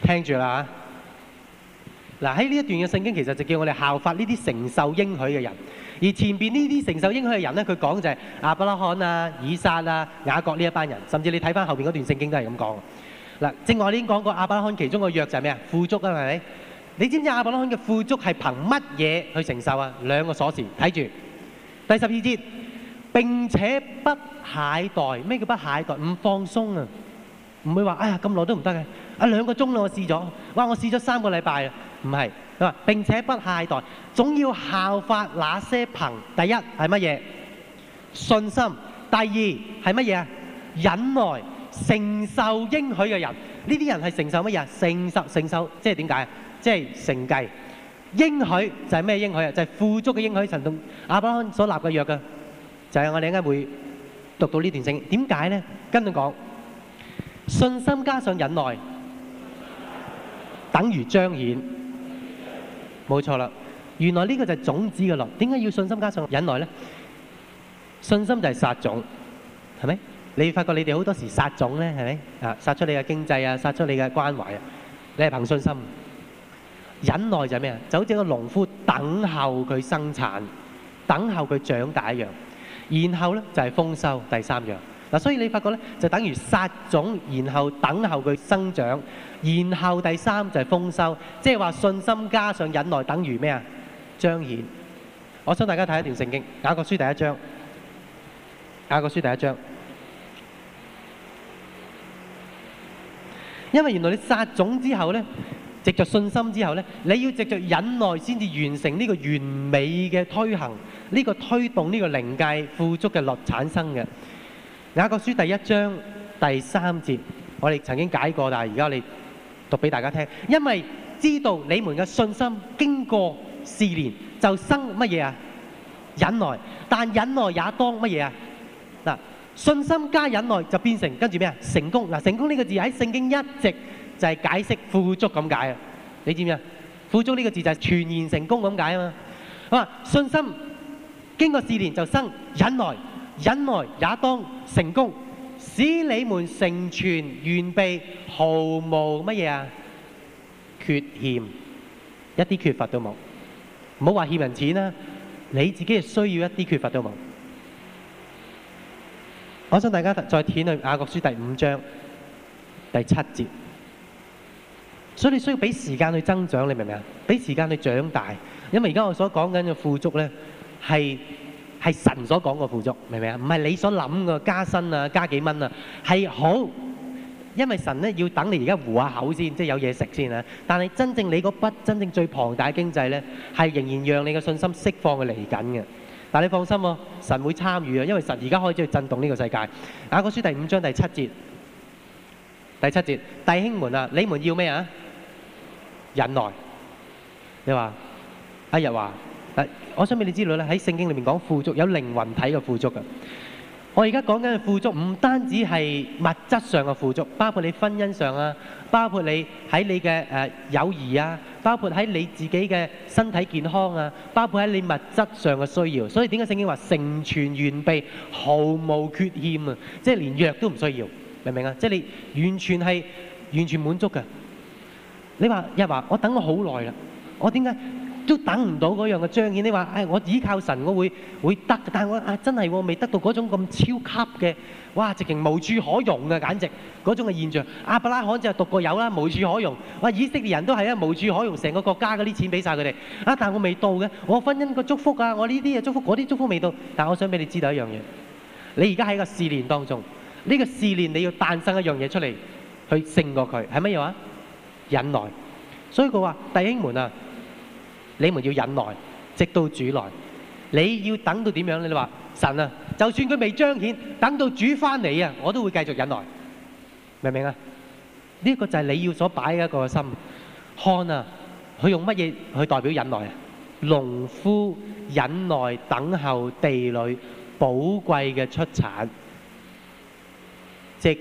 聽住啦嚇。嗱，喺呢一段嘅聖經其實就叫我哋效法呢啲承受應許嘅人，而前邊呢啲承受應許嘅人咧，佢講就係亞伯拉罕啊、以撒啊、雅各呢一班人，甚至你睇翻後邊嗰段聖經都係咁講。嗱，正我啱先講過，亞伯拉罕其中個約就係咩啊？富足啊，係咪？你知唔知亞伯拉罕嘅富足係憑乜嘢去承受啊？兩個鎖匙，睇住。第十二節，並且不懈怠。咩叫不懈怠？唔放鬆啊，唔會話哎呀咁耐都唔得嘅。啊兩個鐘咯，我試咗。哇，我試咗三個禮拜啊，唔係。佢話並且不懈怠，總要效法那些憑。第一係乜嘢？信心。第二係乜嘢？忍耐。承受應許嘅人，呢啲人係承受乜嘢啊？承受、承受，即係點解？即係承繼。應許就係咩應許啊？就係富足嘅應許。神同亞伯拉罕所立嘅約嘅，就係我哋應該會讀到呢段經。點解咧？跟住講，信心加上忍耐，等於彰顯。冇錯啦，原來呢個就係種子嘅論。點解要信心加上忍耐咧？信心就係撒種，係咪？你發覺你哋好多時撒種呢，係咪啊？撒出你嘅經濟啊，撒出你嘅關懷啊。你係憑信心，忍耐就係咩啊？就好似個農夫等候佢生產，等候佢長大一樣。然後呢就係豐收。第三樣嗱，所以你發覺呢就等於撒種，然後等候佢生長，然後第三就係豐收。即係話信心加上忍耐，等於咩啊？彰顯。我想大家睇一段聖經，雅各書第一章，雅各書第一章。因為原來你撒種之後呢，藉着信心之後呢，你要藉着忍耐先至完成呢個完美嘅推行，呢個推動呢個靈界富足嘅律產生嘅。雅各書第一章第三節，我哋曾經解過，但係而家我哋讀俾大家聽。因為知道你們嘅信心經過試煉就生乜嘢啊？忍耐，但忍耐也當乜嘢啊？嗱。信心加忍耐就變成跟住咩啊？成功嗱，成功呢個字喺聖經一直就係解釋富足咁解啊！你知唔知啊？富足呢個字就係全然成功咁解啊嘛！好啊，信心經過試煉就生忍耐，忍耐也當成功，使你們成全完備，毫無乜嘢啊？缺欠，一啲缺乏都冇，唔好話欠人錢啦，你自己係需要一啲缺乏都冇。我想大家在睇《雅各書》第五章第七節，所以你需要俾時間去增長，你明唔明啊？俾時間去長大，因為而家我所講緊嘅富足呢，係神所講嘅富足，明唔明啊？唔係你所諗嘅加薪啊、加幾蚊啊，係好，因為神呢要等你而家糊下口先，即係有嘢食先啊！但係真正你嗰筆真正最龐大嘅經濟呢，係仍然讓你嘅信心釋放嚟緊嘅。但你放心喎，神會參與啊，因為神而家開始去震動呢個世界。雅各書第五章第七節，第七節，弟兄們啊，你們要咩啊？忍耐。你話？阿日話？我想俾你知道，喺聖經裏面講富足，有靈魂體嘅富足。我而家講緊嘅富足唔單止係物質上嘅富足，包括你婚姻上啊，包括你喺你嘅、呃、友誼啊。包括喺你自己嘅身體健康啊，包括喺你物質上嘅需要，所以點解聖經話成全完備，毫無缺欠啊，即係連藥都唔需要，明唔明啊？即係你完全是完全滿足的。你話，日華，我等我好耐啦，我點解？都等唔到嗰樣嘅彰顯，所以你話：誒、哎，我依靠神，我會會得但係我啊，真係喎，我未得到嗰種咁超級嘅，哇，直情無處可容嘅，簡直嗰種嘅現象。阿伯拉罕就獨個有啦，無處可容。話以色列人都係啊，無處可容，成個國家嗰啲錢俾晒佢哋。啊，但係我未到嘅，我婚姻嘅祝福啊，我呢啲嘢祝福，嗰啲祝福未到。但係我想俾你知道一樣嘢，你而家喺個試煉當中，呢、這個試煉你要誕生一樣嘢出嚟，去勝過佢，係乜嘢話忍耐。所以佢話：弟兄們啊！你們要忍耐，直到主來。你要等到點樣咧？你話神啊，就算佢未彰顯，等到主返嚟啊，我都會繼續忍耐。明唔明啊？呢個就係你要所擺嘅一個心。看啊，佢用乜嘢去代表忍耐啊？農夫忍耐等候地裏寶貴嘅出產，直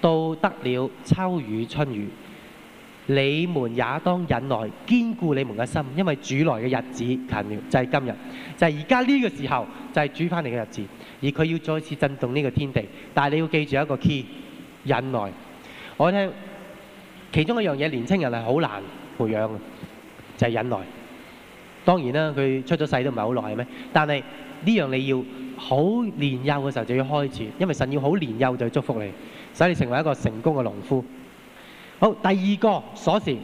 到得了秋雨春雨。你們也當忍耐，堅固你們嘅心，因為主來嘅日子近了，就係今日，就係而家呢個時候，就係主翻嚟嘅日子，而佢要再次震動呢個天地。但係你要記住一個 key，忍耐。我聽其中一樣嘢，年青人係好難培養嘅，就係忍耐。當然啦，佢出咗世都唔係好耐咩？但係呢樣你要好年幼嘅時候就要開始，因為神要好年幼就要祝福你，使你成為一個成功嘅農夫。好，第二個鎖匙，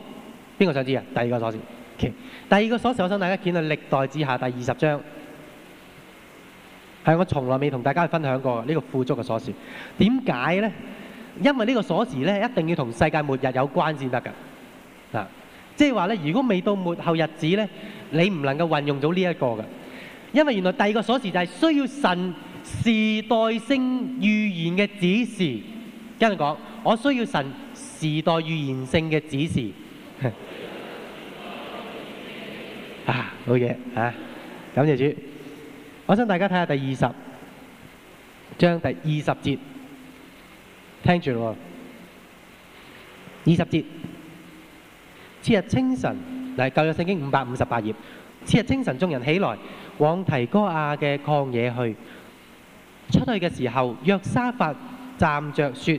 邊個想知啊？第二個鎖匙，okay. 第二個鎖匙，我想大家見到歷代之下第二十章係我從來未同大家分享過嘅，呢個富足嘅鎖匙。點解呢？因為呢個鎖匙呢，一定要同世界末日有關先得㗎嗱，即係話呢，如果未到末後日子呢，你唔能夠運用到呢一個㗎，因為原來第二個鎖匙就係需要神時代性預言嘅指示。跟住講，我需要神。時代預言性嘅指示 [laughs] 啊，冇嘢、啊、感謝主。我想大家睇下第二十章第二十節，聽住咯喎。二十節，次日清晨，嗱《舊約聖經》五百五十八頁。次日清晨，眾人起來，往提哥亞嘅曠野去。出去嘅時候，約沙法站着說。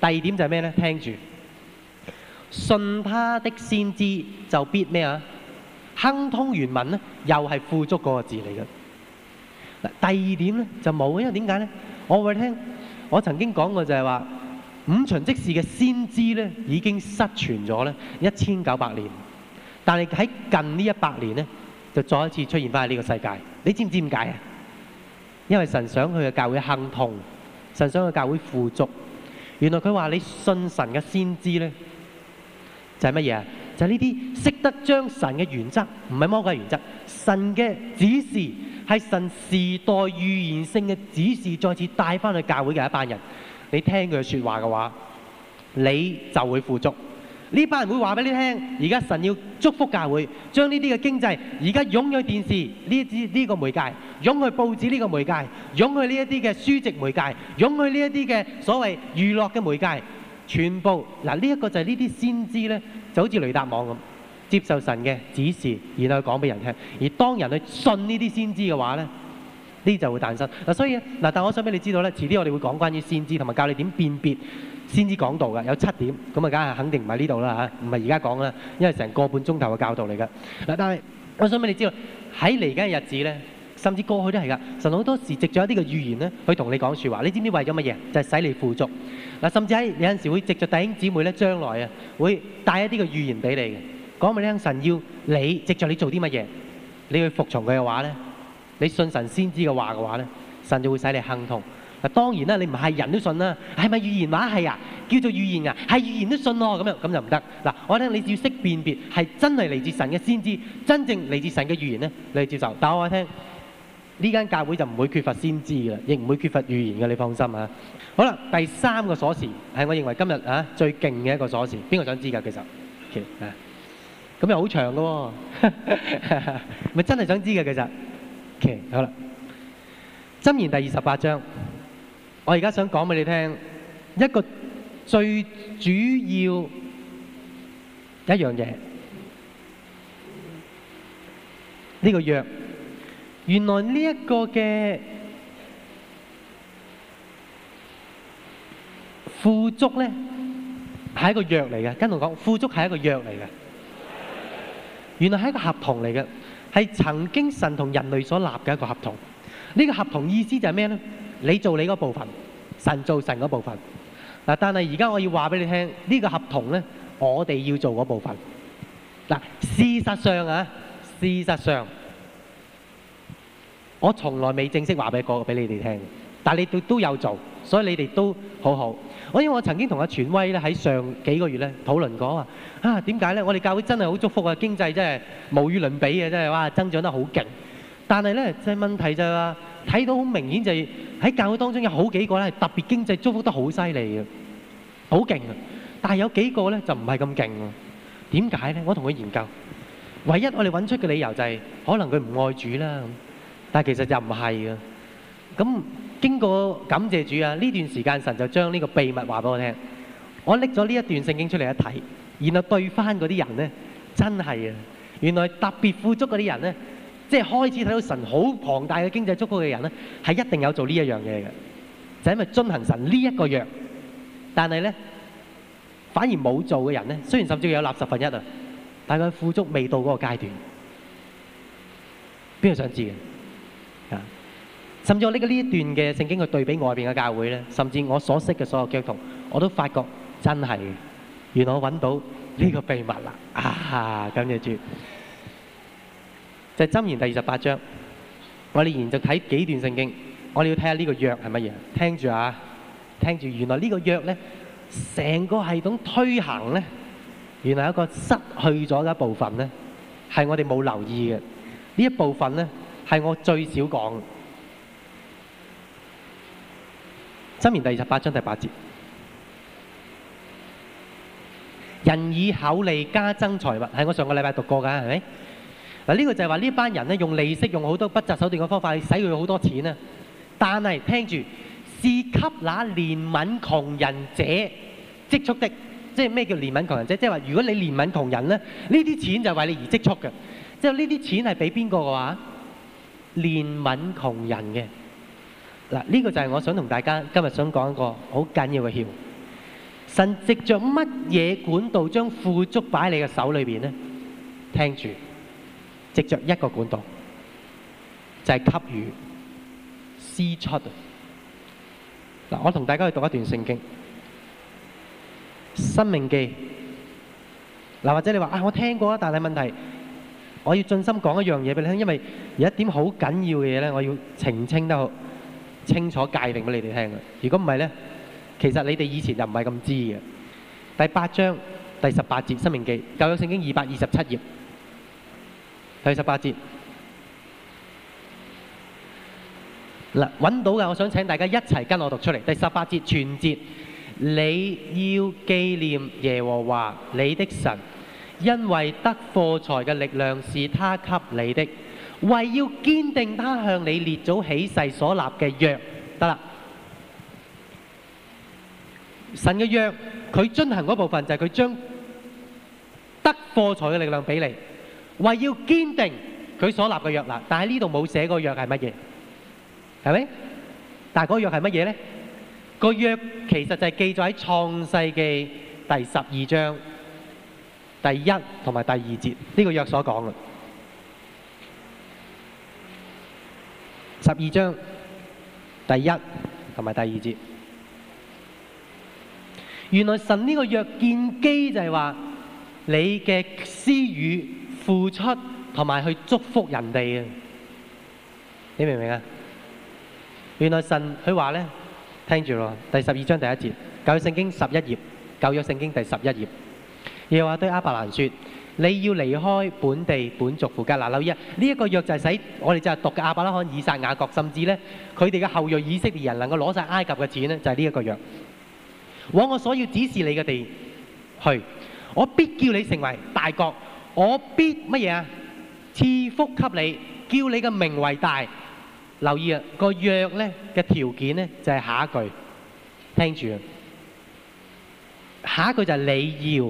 第二點就係咩咧？聽住，信他的先知就必咩啊？亨通原文咧，又係富足嗰個字嚟嘅。嗱，第二點咧就冇，因為點解咧？我會聽，我曾經講過就係話，五旬即時嘅先知咧已經失傳咗咧一千九百年，但係喺近呢一百年咧就再一次出現返喺呢個世界。你知唔知點解啊？因為神想佢嘅教會亨通，神想佢教會富足。原來佢話你信神嘅先知咧，就係乜嘢？就係呢啲識得將神嘅原則，唔係魔鬼嘅原則，神嘅指示，係神時代預言性嘅指示，再次帶返去教會嘅一班人，你聽佢說話嘅話，你就會富足。呢班人會話俾你聽，而家神要祝福教會，將呢啲嘅經濟而家擁去電視呢啲呢個媒介，擁去報紙呢個媒介，擁去呢一啲嘅書籍媒介，擁去呢一啲嘅所謂娛樂嘅媒介，全部嗱呢一個就係呢啲先知咧，就好似雷達網咁，接受神嘅指示，然後去講俾人聽。而當人去信呢啲先知嘅話咧，呢就會誕生嗱。所以嗱，但我想俾你知道咧，遲啲我哋會講關於先知同埋教你點辨別。先知講道噶，有七點，咁啊，梗係肯定唔係呢度啦嚇，唔係而家講啦，因為成個半鐘頭嘅教導嚟噶。嗱，但係我想俾你知道喺嚟緊嘅日子咧，甚至過去都係噶，神好多時藉著一啲嘅預言咧，去同你講説話。你知唔知為咗乜嘢？就係使你富足。嗱，甚至喺有陣時會藉著弟兄姊妹咧，將來啊會帶一啲嘅預言俾你嘅，講俾你聽。神要你藉著你做啲乜嘢，你去服從佢嘅話咧，你信神先知嘅話嘅話咧，神就會使你亨通。嗱當然啦，你唔係人都信啦，係咪預言話、啊、係啊？叫做預言啊，係預言都信喎、啊、咁樣，咁就唔得。嗱，我聽你是要識辨別係真係嚟自神嘅先知，真正嚟自神嘅預言咧，你接受。但我話聽呢間教會就唔會缺乏先知嘅，亦唔會缺乏預言嘅，你放心啊。好啦，第三個鎖匙係我認為今日啊最勁嘅一個鎖匙，邊個想知㗎？其實，其、okay, 實啊，咁又好長嘅喎，咪、哦、 [laughs] 真係想知嘅其實，其、okay, 實好啦，《箴言》第二十八章。我而家想講俾你聽，一個最主要一樣嘢，呢個約，原來呢一個嘅富足咧，係一個約嚟嘅。跟同講，富足係一個約嚟嘅。原來係一個合同嚟嘅，係曾經神同人類所立嘅一個合同。呢個合同意思就係咩咧？你做你嗰部分，神做神嗰部分。嗱、啊，但係而家我要話俾你聽，呢、呢個合同咧，我哋要做嗰部分。嗱、啊，事實上啊，事實上，我從來未正式話俾、嗰個俾你哋聽。但係你都都有做，所以你哋都好好。我、啊、因為我曾經同阿全威咧喺上幾個月咧討論過啊。啊，點解咧？我哋教會真係好祝福啊，經濟真係無與倫比啊，真係哇，增長得好勁。但係咧，即係問題就係話、啊。睇到好明顯就係喺教會當中有好幾個咧特別經濟祝福得好犀利嘅，好勁啊！但係有幾個咧就唔係咁勁喎？點解咧？我同佢研究，唯一我哋揾出嘅理由就係、是、可能佢唔愛主啦。但係其實就唔係嘅。咁經過感謝主啊，呢段時間神就將呢個秘密話俾我聽。我拎咗呢一段聖經出嚟一睇，然後對返嗰啲人咧，真係啊！原來特別富足嗰啲人咧。即係開始睇到神好龐大嘅經濟祝福嘅人咧，係一定有做呢一樣嘢嘅，就係因為遵行神呢一個約。但係咧，反而冇做嘅人咧，雖然甚至有納十份一啊，但係佢富足未到嗰個階段。邊個想知嘅？啊，甚至我呢個呢一段嘅聖經去對比外邊嘅教會咧，甚至我所識嘅所有基督徒，我都發覺真係，原來我揾到呢個秘密啦！啊，感謝主。就係箴言第二十八章，我哋研究睇幾段聖經，我哋要睇下呢個約係乜嘢。聽住啊，聽住，原來這個呢個約咧，成個系統推行咧，原來一個失去咗嘅部分咧，係我哋冇留意嘅。呢一部分咧，係我，我最少講。箴言第二十八章第八節：人以厚利加增財物，係我上個禮拜讀過噶，係咪？嗱，呢個就係話呢班人咧，用利息用好多不擇手段嘅方法去洗佢好多錢啊！但係聽住，是給那憐憫窮人者積蓄的，即係咩叫憐憫窮人者？即係話如果你憐憫窮人咧，呢啲錢就係為你而積蓄嘅。即係呢啲錢係俾邊個嘅話，憐憫窮人嘅嗱。呢、這個就係我想同大家今日想講一個好緊要嘅竅。神藉着乜嘢管道將富足擺喺你嘅手裏邊咧？聽住。藉著一個管道，就係給予、輸出。嗱，我同大家去讀一段聖經《生命記》。嗱，或者你話啊，我聽過啦，但係問題，我要盡心講一樣嘢俾你聽，因為有一點好緊要嘅嘢咧，我要澄清得好清楚界定俾你哋聽啊！如果唔係咧，其實你哋以前就唔係咁知嘅。第八章第十八節《生命記》，舊約聖經二百二十七頁。第十八節找揾到嘅。我想請大家一齊跟我讀出嚟。第十八節全節，你要紀念耶和華你的神，因為得貨財嘅力量是他給你的，為要堅定他向你列祖起誓所立嘅約。得啦，神嘅約，佢遵行嗰部分就係佢將得貨財嘅力量畀你。為要堅定佢所立嘅約啦，但喺呢度冇寫嗰個約係乜嘢，係咪？但係嗰個約係乜嘢咧？個約其實就係記載喺創世記第十二章第一同埋第二節呢個約所講嘅。十二章第一同埋第二節，原來神呢個約建基就係話你嘅私語。付出同埋去祝福人哋啊，你明唔明啊？原來神佢話呢，聽住咯，第十二章第一節，舊約聖經十一頁，舊約聖經第十一頁。又話對亞伯蘭說：你要離開本地本族父家，父家。嗱，留意呢一個約就係使我哋就係讀嘅亞伯拉罕、以撒、雅各，甚至呢，佢哋嘅後裔以色列人能夠攞晒埃及嘅錢呢，就係呢一個約。往我所要指示你嘅地去，我必叫你成為大國。我必乜嘢啊？賜福給你，叫你嘅名為大。留意啊，個約咧嘅條件咧就係下一句，聽住。下一句就係你要，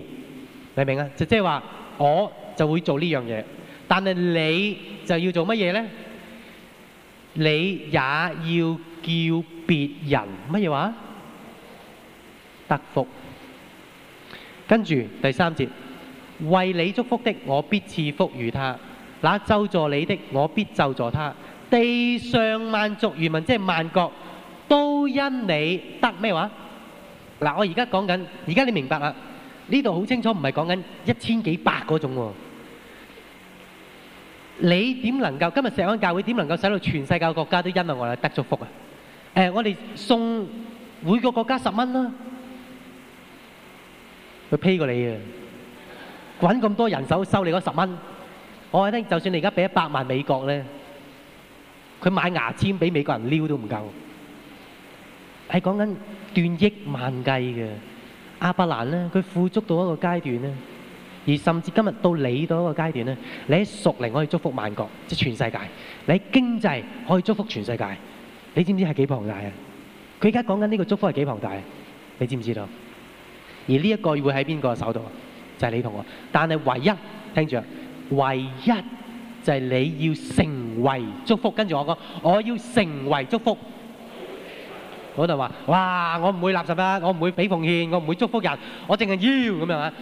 你明啊？即即係話我就會做呢樣嘢，但係你就要做乜嘢咧？你也要叫別人乜嘢話得福？跟住第三節。為你祝福的，我必賜福與他；那咒詛你的，我必咒詛他。地上萬族漁民，即係萬國，都因你得咩話？嗱，我而家講緊，而家你明白啦？呢度好清楚，唔係講緊一千幾百嗰種，啊。你點能夠今日錫安教會點能夠使到全世界的國家都因我哋得祝福啊？誒、欸，我哋送每個國家十蚊啦，啊，佢 pay 過你啊。揾咁多人手收你嗰十蚊，我話咧，就算你而家俾一百萬美國咧，佢買牙籤俾美國人撩都唔夠，係講緊段億萬計嘅亞伯蘭咧，佢富足到一個階段咧，而甚至今日到你到一個階段咧，你喺屬靈可以祝福萬國，即係全世界，你喺經濟可以祝福全世界，你知唔知係幾龐大啊？佢而家講緊呢個祝福係幾龐大啊？你知唔知道？而呢一個會喺邊個手度啊？就係你同我，但係唯一聽住啊！唯一就係你要成為祝福。跟住我講，我要成為祝福。我就話：哇！我唔會垃圾啊，我唔會俾奉獻，我唔會祝福人，我淨係要咁樣啊！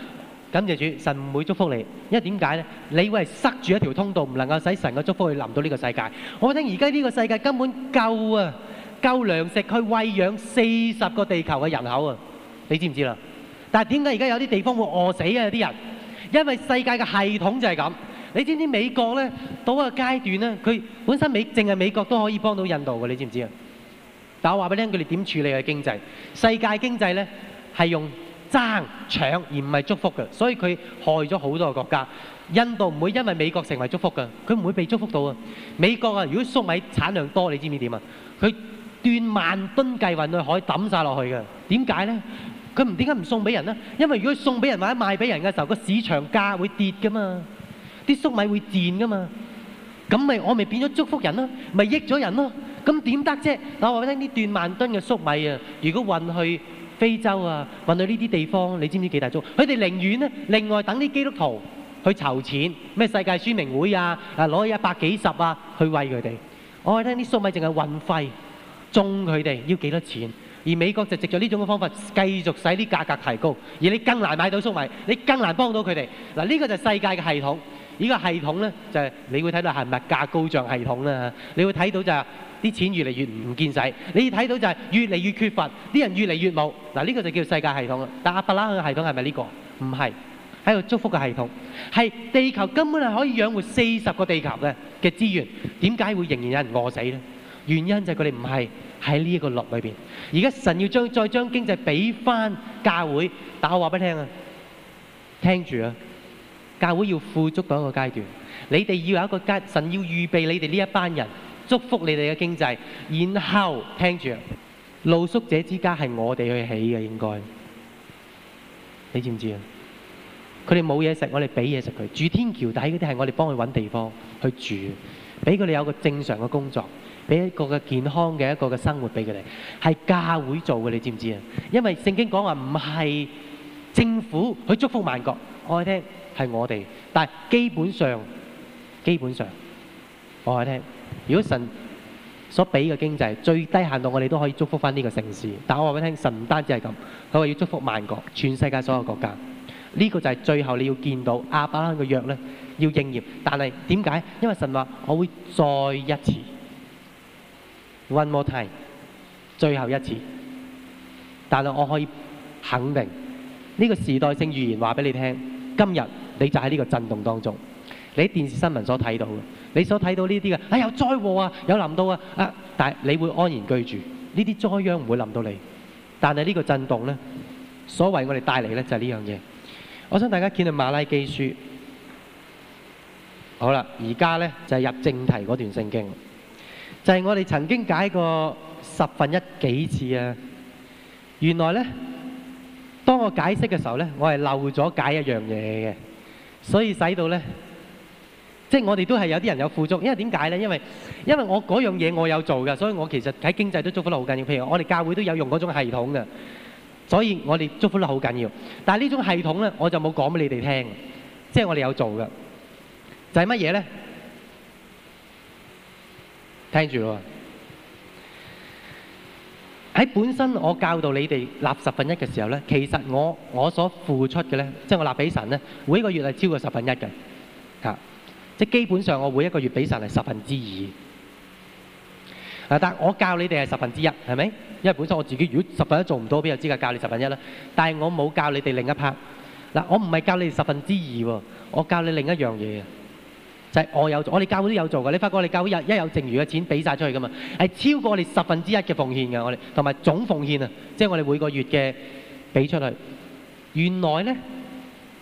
感謝主，神唔會祝福你，因為點解呢？你會係塞住一條通道，唔能夠使神嘅祝福去臨到呢個世界。我聽而家呢個世界根本夠啊，夠糧食去餵養四十個地球嘅人口啊！你知唔知啦？但係點解而家有啲地方會餓死啊，有啲人？因為世界嘅系統就係咁。你知唔知美國呢到一個階段呢，佢本身美淨係美國都可以幫到印度嘅，你知唔知啊？但係我話俾你聽，佢哋點處理嘅經濟？世界經濟呢係用爭搶而唔係祝福嘅，所以佢害咗好多個國家。印度唔會因為美國成為祝福嘅，佢唔會被祝福到啊！美國啊，如果粟米產量多，你知唔知點啊？佢斷萬噸計運到海抌曬落去嘅。點解呢？佢唔點解唔送俾人咧？因為如果送俾人或者賣俾人嘅時候，個市場價會跌噶嘛，啲粟米會跌噶嘛。咁咪我咪變咗祝福人咯，咪益咗人咯。咁點得啫？我話俾你聽，呢段萬噸嘅粟米啊，如果運去非洲啊，運去呢啲地方，你知唔知幾大宗？佢哋寧願咧，另外等啲基督徒去籌錢，咩世界宣明會啊，攞一百幾十啊去餵佢哋。我話俾你聽，啲粟米淨係運費，種佢哋要幾多錢？而美國就藉著呢種嘅方法，繼續使啲價格提高，而你更難買到粟米，你更難幫到佢哋。嗱，呢個就係世界嘅系統。呢個系統呢，就係你會睇到係物價高漲系統啦。你會睇到就係啲錢越嚟越唔見使，你睇到就係越嚟越缺乏，啲人越嚟越冇。嗱，呢個就叫世界系統啦。但亞伯拉罕嘅系統係咪呢個？唔係，係個祝福嘅系統，係地球根本係可以養活四十個地球嘅嘅資源，點解會仍然有人餓死呢？原因就係佢哋唔係。喺呢一個落裏邊，而家神要將再將經濟俾翻教會，但我話俾你聽啊，聽住啊，教會要富足到一個階段，你哋要有一個階，神要預備你哋呢一班人，祝福你哋嘅經濟，然後聽住啊，露宿者之家係我哋去起嘅，應該，你知唔知啊？佢哋冇嘢食，我哋俾嘢食佢；住天橋底嗰啲係我哋幫佢搵地方去住，俾佢哋有個正常嘅工作。俾一個嘅健康嘅一個嘅生活俾佢哋，係教會做嘅，你知唔知啊？因為聖經講話唔係政府去祝福萬國，我話聽係我哋。但係基本上基本上，我話聽，如果神所俾嘅經濟最低限度，我哋都可以祝福返呢個城市。但係我話俾你聽，神唔單止係咁，佢話要祝福萬國，全世界所有國家，呢個就係最後你要見到亞伯拉罕嘅約咧要應驗。但係點解？因為神話我會再一次。One more time，最後一次。但係我可以肯定，呢個時代性預言話俾你聽，今日你就喺呢個震動當中。你喺電視新聞所睇到嘅，你所睇到呢啲嘅，啊、哎、有災禍啊，有臨到啊，啊，但係你會安然居住。呢啲災殃唔會臨到你，但係呢個震動呢，所謂我哋帶嚟呢，就係呢樣嘢。我想大家見到馬拉基書，好啦，而家呢，就係入正題嗰段聖經。就係我哋曾經解過十分一幾次啊，原來咧，當我解釋嘅時候咧，我係漏咗解一樣嘢嘅，所以使到咧，即係我哋都係有啲人有富足，因為點解咧？因為因為我嗰樣嘢我有做噶，所以我其實喺經濟都祝福得好緊要。譬如我哋教會都有用嗰種系統噶，所以我哋祝福得好緊要。但係呢種系統咧，我就冇講俾你哋聽，即係我哋有做噶，就係乜嘢咧？聽住咯，喺本身我教導你哋立十分一嘅時候咧，其實我我所付出嘅咧，即係我立俾神咧，每一個月係超過十分一嘅，即基本上我每一個月俾神係十分之二，啊。但係我教你哋係十分之一，係咪？因為本身我自己如果十分一做唔到，邊有資格教你十分一咧？但係我冇教你哋另一 part。嗱、啊，我唔係教你哋十分之二喎，我教你另一樣嘢。就係我有做，我哋教會都有做噶。你發覺我哋教會一有剩餘嘅錢俾晒出去噶嘛？係超過我哋十分之一嘅奉獻噶，我哋同埋總奉獻啊，即係我哋每個月嘅俾出去。原來咧，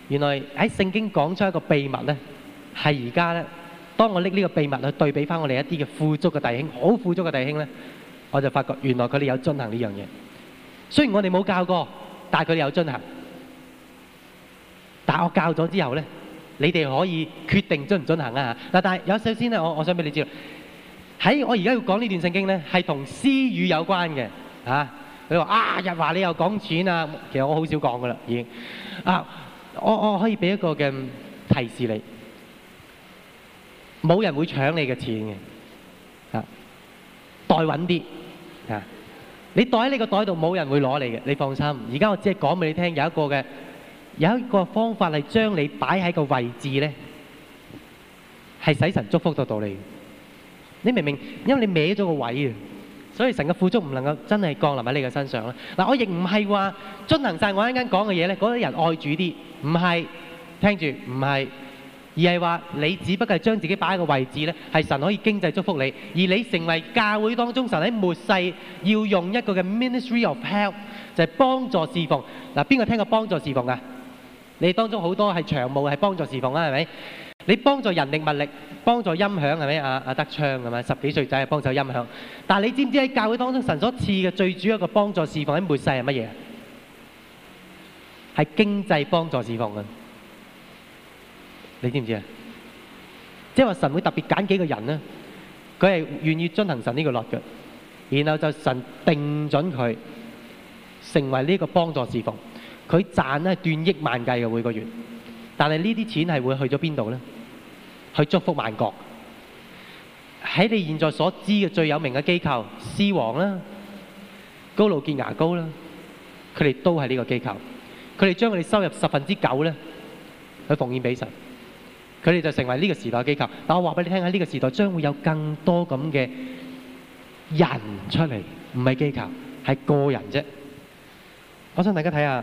原來喺聖經講出一個秘密咧，係而家咧，當我拎呢個秘密去對比翻我哋一啲嘅富足嘅弟兄，好富足嘅弟兄咧，我就發覺原來佢哋有進行呢樣嘢。雖然我哋冇教過，但係佢哋有進行。但我教咗之後咧。你哋可以決定遵唔遵行啊！嗱，但係有首先咧，我我想俾你知道，喺我而家要講呢段聖經咧，係同私語有關嘅嚇。佢話啊，日華你又講錢啊，其實我好少講噶啦，已經啊，我我可以俾一個嘅提示你，冇人會搶你嘅錢嘅啊，袋穩啲啊，你袋喺你個袋度，冇人會攞你嘅，你放心。而家我只係講俾你聽，有一個嘅。有一個方法係將你擺喺個位置咧，係使神祝福得到你。你明明因為你歪咗個位啊，所以神嘅富足唔能夠真係降臨喺你嘅身上啦。嗱，我亦唔係話遵行曬我一陣講嘅嘢咧，嗰啲人愛主啲，唔係聽住唔係，而係話你只不過係將自己擺喺個位置咧，係神可以經濟祝福你，而你成為教會當中神喺末世要用一個嘅 ministry of help 就係幫助侍奉嗱，邊個聽過幫助侍奉啊？你當中好多係長務係幫助侍奉啦，係咪？你幫助人力物力，幫助音響係咪？阿阿、啊、德昌係咪？十幾歲仔係幫助音響。但係你知唔知喺教會當中神所賜嘅最主要嘅一個幫助侍奉喺末世係乜嘢？係經濟幫助侍奉啊！你知唔知啊？即係話神會特別揀幾個人咧，佢係願意遵行神呢個落嘅，然後就神定準佢成為呢個幫助侍奉。佢賺咧，係斷億萬計嘅每個月，但係呢啲錢係會去咗邊度咧？去祝福萬國。喺你現在所知嘅最有名嘅機構，獅王啦、高露潔牙膏啦，佢哋都係呢個機構。佢哋將佢哋收入十分之九咧，去奉獻俾神。佢哋就成為呢個時代嘅機構。但我話俾你聽，喺呢個時代將會有更多咁嘅人出嚟，唔係機構，係個人啫。我想大家睇下。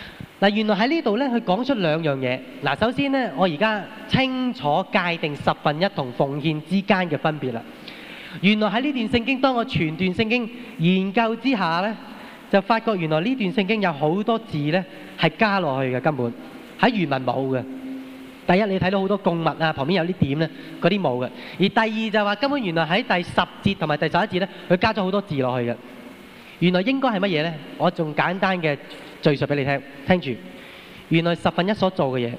嗱，原來喺呢度咧，佢講出兩樣嘢。嗱，首先咧，我而家清楚界定十分一同奉獻之間嘅分別啦。原來喺呢段聖經，當我全段聖經研究之下咧，就發覺原來呢段聖經有好多字咧係加落去嘅，根本喺原文冇嘅。第一，你睇到好多供物啊，旁邊有啲點咧，嗰啲冇嘅。而第二就話根本原來喺第十節同埋第十一節咧，佢加咗好多字落去嘅。原來應該係乜嘢咧？我仲簡單嘅。敍述俾你聽，聽住，原來十分一所做嘅嘢，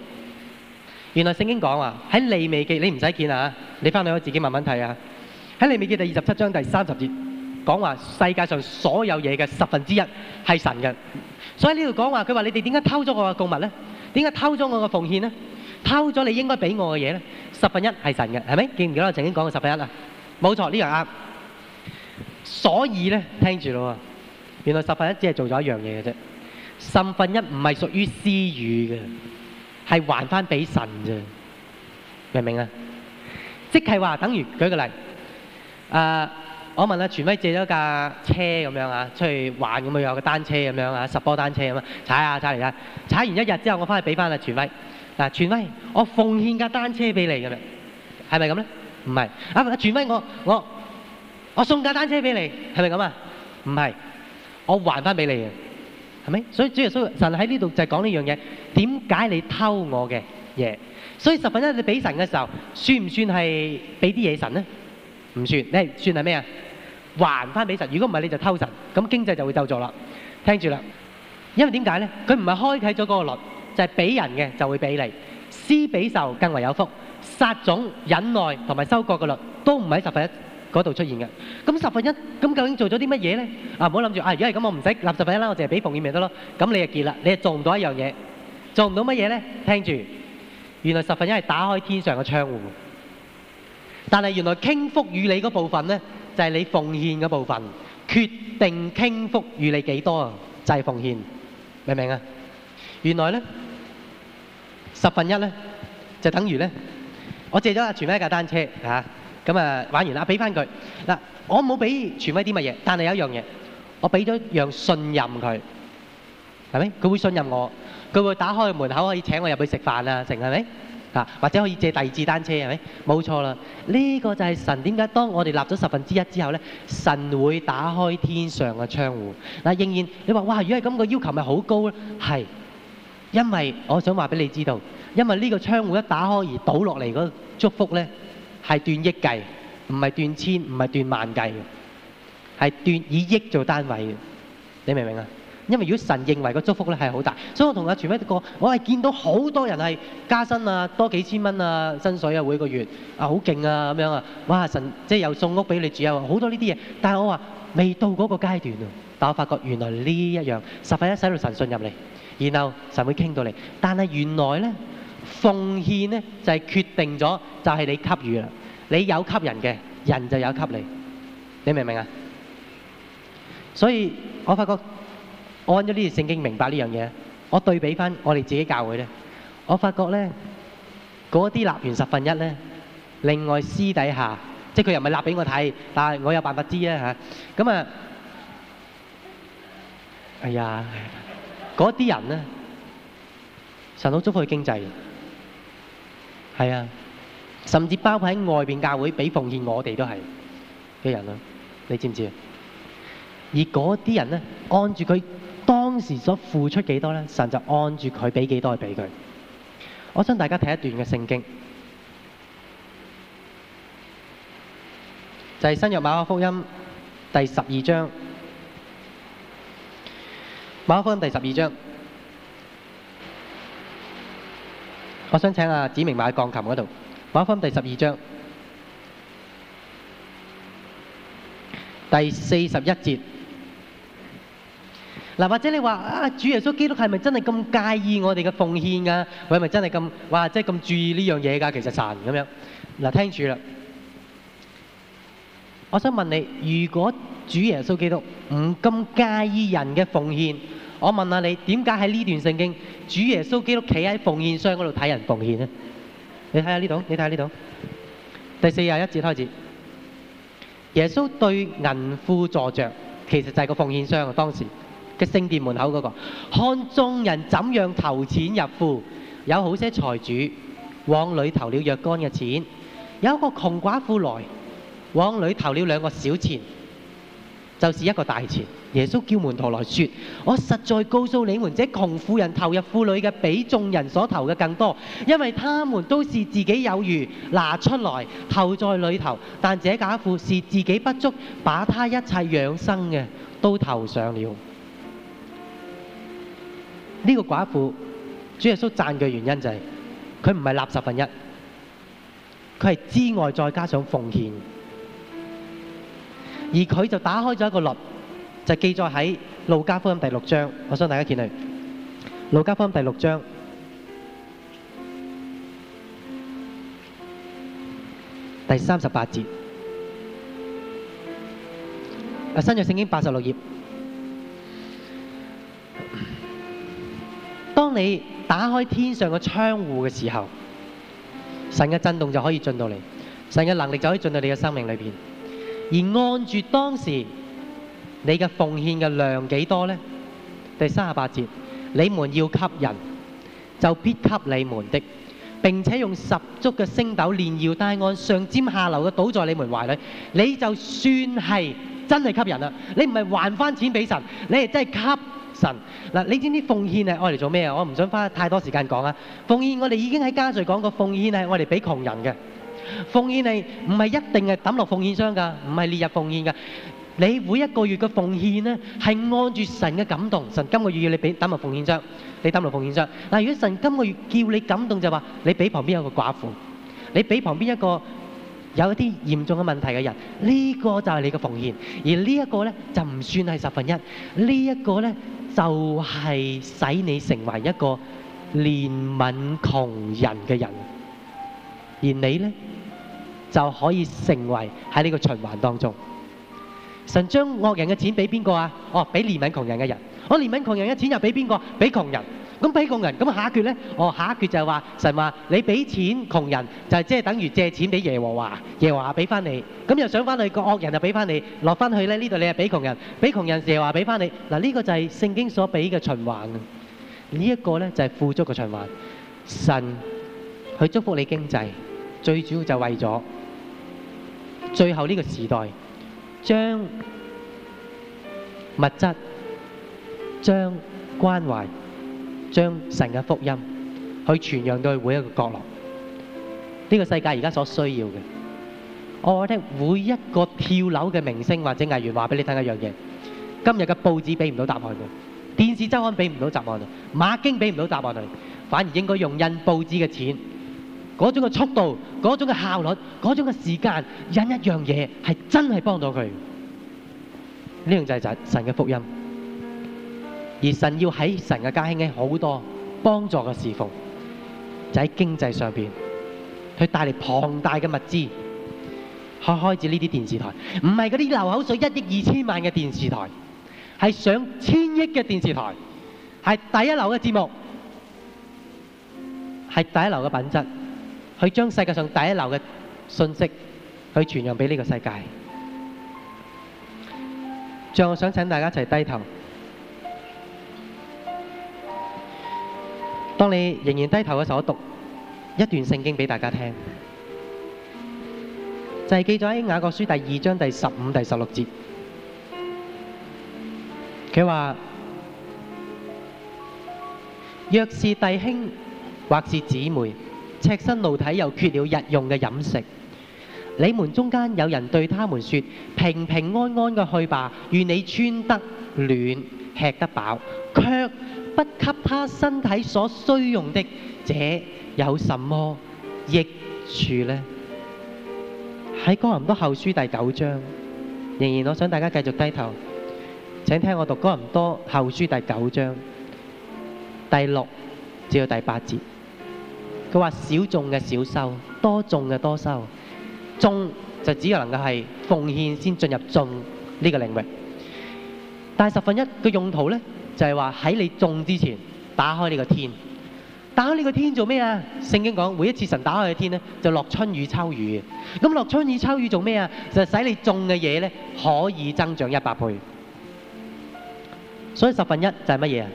原來聖經講話喺利未記，你唔使見啊，你翻去我自己慢慢睇啊。喺利未記第二十七章第三十節講話，世界上所有嘢嘅十分之一係神嘅，所以呢度講話，佢話你哋點解偷咗我嘅供物咧？點解偷咗我嘅奉獻咧？偷咗你應該俾我嘅嘢咧？十分一係神嘅，係咪？記唔記得我曾經講過十分一啊？冇錯，呢樣啱。所以咧，聽住咯喎，原來十分一只係做咗一樣嘢嘅啫。十分一唔係屬於私語嘅，係還翻俾神啫，明唔明啊？即係話等於舉個例，啊，我問阿全威借咗架車咁樣啊，出去玩咁啊，有個單車咁樣啊，十波單車咁啊，踩下踩嚟踩，踩完一日之後我翻去俾翻阿全威，嗱，全威，我奉獻架單車俾你咁樣，係咪咁咧？唔係，啊，全威我我我送架單車俾你，係咪咁啊？唔係，我還翻俾你嘅。係咪？所以主要，所以神喺呢度就係講呢樣嘢，點解你偷我嘅嘢？所以十分一你俾神嘅時候，算唔算係俾啲嘢神呢？唔算，你算係咩啊？還翻俾神。如果唔係，你就偷神，咁經濟就會就做啦。聽住啦，因為點解呢？佢唔係開啟咗嗰個律，就係、是、俾人嘅就會俾你，施比受更為有福，撒種、忍耐同埋收割嘅律都唔係十分一。嗰度出現嘅，咁十分一，咁究竟做咗啲乜嘢咧？啊，唔好諗住，啊，如果係咁，我唔使納十分一啦，我淨係俾奉獻咪得咯。咁你就結啦，你就做唔到一樣嘢，做唔到乜嘢咧？聽住，原來十分一係打開天上嘅窗戶，但係原來傾福與你嗰部分咧，就係你奉獻嘅部分，決定傾福與你幾多啊，就係奉獻，明唔明啊？原來咧，十分一咧，就等於咧，我借咗阿全威一架單車嚇。咁啊，玩完啦，俾翻佢嗱，我冇俾傳俾啲乜嘢，但係有一樣嘢，我俾咗一樣信任佢，係咪？佢會信任我，佢會打開門口可以請我入去食飯啊，成係咪？啊，或者可以借第二支單車係咪？冇錯啦，呢個就係神點解當我哋立咗十分之一之後咧，神會打開天上嘅窗戶。嗱，仍然你話哇，如果係咁個要求，咪好高咧？係，因為我想話俾你知道，因為呢個窗戶一打開而倒落嚟嗰祝福咧。係斷億計，唔係斷千，唔係斷萬計，係斷以億做單位嘅。你明唔明啊？因為如果神認為個祝福咧係好大，所以我同阿全威講，我係見到好多人係加薪啊，多幾千蚊啊，薪水啊，每個月啊，好勁啊，咁樣啊，哇！神即係又送屋俾你住啊，好多呢啲嘢。但係我話未到嗰個階段啊，但我發覺原來呢一樣，十分一使到神信入嚟，然後神會傾到你，但係原來咧。奉獻咧就係決定咗，就係你給予啦。你有給人嘅，人就有給你。你明唔明啊？所以我發覺，按咗呢啲聖經，明白呢樣嘢。我對比翻我哋自己教會咧，我發覺咧，嗰啲立完十分一咧，另外私底下，即係佢又唔係立俾我睇，但係我有辦法知啊嚇。咁啊，哎呀，嗰啲人咧，神好祝福佢經濟。係啊，甚至包括喺外邊教會俾奉獻，我哋都係嘅人啦、啊。你知唔知？而嗰啲人呢，按住佢當時所付出幾多呢，神就按住佢俾幾多去俾佢。我想大家睇一段嘅聖經，就係新約馬可福音第十二章，馬可福音第十二章。我想請阿子明埋喺鋼琴嗰度，馬可福音第十二章第四十一節。嗱，或者你話啊，主耶穌基督係咪真係咁介意我哋嘅奉獻㗎？佢係咪真係咁，哇，真係咁注意呢樣嘢㗎？其實神咁樣。嗱，聽住啦。我想問你，如果主耶穌基督唔咁介意人嘅奉獻，我問下你，點解喺呢段聖經主耶穌基督企喺奉獻箱嗰度睇人奉獻呢？你睇下呢度，你睇下呢度。第四十一節開始，耶穌對銀庫坐着，其實就係個奉獻箱啊。當時嘅聖殿門口嗰、那個看眾人怎樣投錢入庫，有好些財主往裏投了若干嘅錢，有一個窮寡婦來往裏投了兩個小錢，就是一個大錢。耶穌叫門徒來說：我實在告訴你們，這窮寡婦投入庫裏嘅，比眾人所投嘅更多，因為他們都是自己有餘，拿出來投在裏頭；但這寡婦是自己不足，把她一切養生嘅都投上了。呢、這個寡婦，主耶穌讚嘅原因就係佢唔係垃圾分一，佢係之外再加上奉獻，而佢就打開咗一個律。就記載喺《路加福音》第六章，我想大家見到《路加福音》第六章第三十八節。新約聖經八十六頁。當你打開天上嘅窗戶嘅時候，神嘅震動就可以進到你，神嘅能力就可以進到你嘅生命裏面。而按住當時。你嘅奉獻嘅量幾多呢？第三十八節，你們要給人，就必給你們的；並且用十足嘅升斗，連搖帶按，上尖下流嘅倒在你們懷裏。你就算係真係給人啦，你唔係還翻錢俾神，你係真係給神嗱。你知唔知奉獻係愛嚟做咩啊？我唔想花太多時間講啊。奉獻我哋已經喺家聚講過，奉獻係愛嚟俾窮人嘅。奉獻係唔係一定係抌落奉獻箱噶？唔係列入奉獻嘅。你每一個月嘅奉獻呢，係按住神嘅感動。神今個月要你俾打埋奉獻章，你打埋奉獻章。嗱，如果神今個月叫你感動就話，你俾旁邊一個寡婦，你俾旁邊一個有一啲嚴重嘅問題嘅人，呢、這個就係你嘅奉獻。而呢一個呢，就唔算係十分一，呢、這、一個呢，就係、是、使你成為一個憐憫窮人嘅人，而你呢，就可以成為喺呢個循環當中。神將惡人嘅錢俾邊個啊？哦，俾憐憫窮人嘅人。我憐憫窮人嘅錢又俾邊個？俾窮人。咁俾窮人，咁下一橛呢？咧？哦，下一橛就係話神話你俾錢窮人，就係即係等於借錢俾耶和華，耶和華俾翻你。咁又想翻去、那個惡人又俾你落翻去呢度，你又俾窮人，俾窮人，耶和華俾翻你。嗱、啊，呢、這個就係聖經所俾嘅循環。這個、呢一個就係、是、富足嘅循環。神去祝福你的經濟，最主要就係為咗最後呢個時代。將物質、將關懷、將神嘅福音去傳揚到去每一個角落。呢個世界而家所需要嘅，我覺得每一個跳樓嘅明星或者藝員話俾你聽一樣嘢：今日嘅報紙俾唔到答案嘅，電視週刊俾唔到答案嘅，馬經俾唔到答案嘅，反而應該用印報紙嘅錢。嗰種嘅速度，嗰種嘅效率，嗰種嘅時間，引一樣嘢係真係幫到佢。呢樣就係神嘅福音。而神要喺神嘅家興起好多幫助嘅侍奉，就喺經濟上面。佢帶嚟龐大嘅物資，去開設呢啲電視台，唔係嗰啲流口水一億二千萬嘅電視台，係上千億嘅電視台，係第一流嘅節目，係第一流嘅品質。去將世界上第一流嘅信息去傳揚俾呢個世界，最後想請大家一齊低頭。當你仍然低頭嘅時候，我讀一段聖經俾大家聽，就係記載喺雅各書第二章第十五、第十六節。佢話：若是弟兄，或是姊妹，赤身露體又缺了日用嘅飲食，你們中間有人對他們說，平平安安嘅去吧，願你穿得暖、吃得飽，卻不給他身體所需用的，這有什麼益處呢？喺《哥林多後書》第九章，仍然我想大家繼續低頭，請聽我讀《哥林多後書》第九章第六至到第八節。佢話少種嘅少收，多種嘅多收。種就只能夠係奉獻先進入種呢個領域。但係十分一嘅用途呢，就係話喺你種之前打開呢個天。打開呢個天做咩啊？聖經講每一次神打開嘅天呢，就落春雨秋雨。咁落春雨秋雨做咩啊？就係使你種嘅嘢呢可以增長一百倍。所以十分一就係乜嘢啊？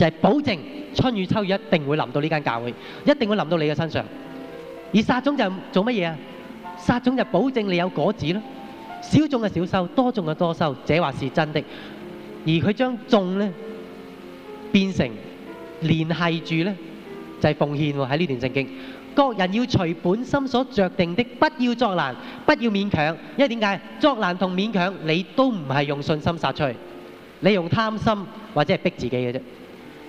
就係保證春雨秋雨一定會淋到呢間教會，一定會淋到你嘅身上。而撒種就做乜嘢啊？撒種就保證你有果子咯。少種嘅少收，多種嘅多收，這話是真的。而佢將種咧變成連係住咧，就係、是、奉獻喎。喺呢段聖經，各人要隨本心所酌定的，不要作難，不要勉強。因為點解作難同勉強，你都唔係用信心撒出去，你用貪心或者係逼自己嘅啫。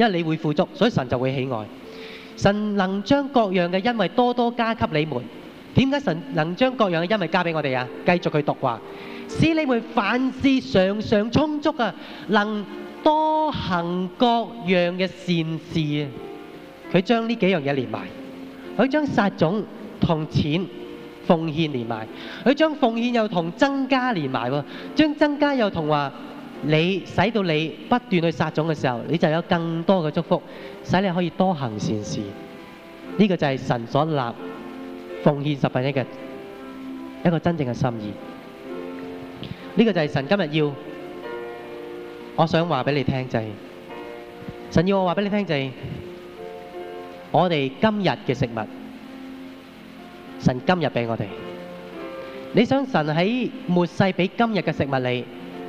因為你會富足，所以神就會喜愛。神能將各樣嘅恩惠多多加給你們。點解神能將各樣嘅恩惠加俾我哋啊？繼續去讀話，使你們凡事常常充足啊，能多行各樣嘅善事啊。佢將呢幾樣嘢連埋，佢將撒種同錢奉獻連埋，佢將奉獻又同增加連埋，將增加又同話。你使到你不斷去撒種嘅時候，你就有更多嘅祝福，使你可以多行善事。呢個就係神所立奉獻十分一嘅一個真正嘅心意。呢個就係神今日要我想話俾你聽就係，神要我話俾你聽就係，我哋今日嘅食物，神今日俾我哋。你想神喺末世俾今日嘅食物你？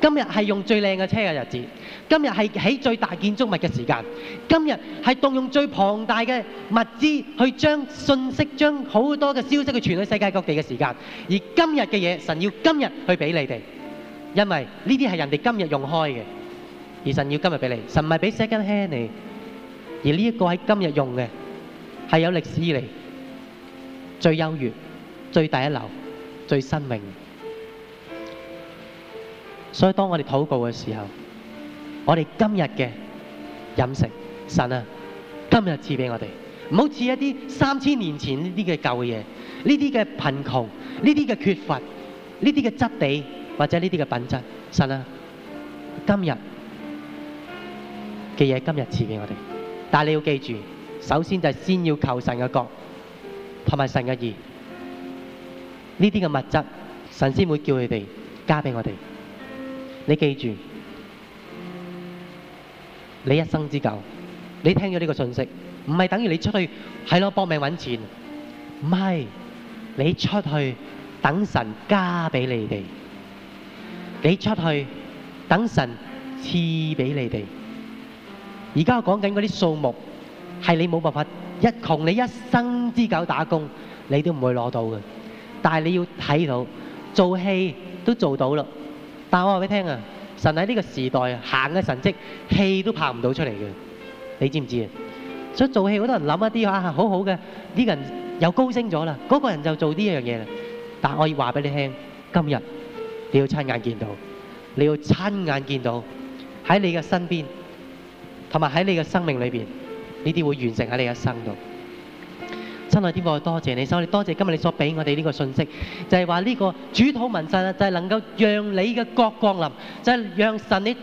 今日係用最靚嘅車嘅日子，今日係起最大建築物嘅時間，今日係動用最龐大嘅物資去將信息、將好多嘅消息去傳去世界各地嘅時間。而今日嘅嘢，神要今日去俾你哋，因為呢啲係人哋今日用開嘅，而神要今日俾你。神唔係俾 second hand 你，而呢一個喺今日用嘅，係有歷史以嚟最優越、最第一流、最新穎。所以當我哋禱告嘅時候，我哋今日嘅飲食，神啊，今日賜俾我哋，唔好似一啲三千年前呢啲嘅舊嘢，呢啲嘅貧窮，呢啲嘅缺乏，呢啲嘅質地或者呢啲嘅品質，神啊，今日嘅嘢今日賜俾我哋。但你要記住，首先就係先要求神嘅國同埋神嘅義，呢啲嘅物質，神先會叫你哋加俾我哋。你記住，你一生之久，你聽咗呢個信息，唔係等於你出去係咯搏命揾錢，唔係你出去等神加俾你哋，你出去，等神，給你，你出去等神賜俾你哋。而家我講緊嗰啲數目，係你冇辦法一窮你一生之久打工，你都唔會攞到嘅。但係你要睇到，做戲都做到啦。但係我話俾你聽啊，神喺呢個時代行嘅神蹟，戲都拍唔到出嚟嘅，你知唔知啊？所以做戲好多人諗一啲啊，好好嘅呢個人又高升咗啦，嗰個人就做呢一樣嘢啦。但係我要話俾你聽，今日你要親眼見到，你要親眼見到喺你嘅身邊，同埋喺你嘅生命裏邊，呢啲會完成喺你一生度。親愛天呢多謝你收，所以多謝今日你所俾我哋呢個信息，就係話呢個主禱文世啊，就係能夠讓你嘅國降臨，就係讓神你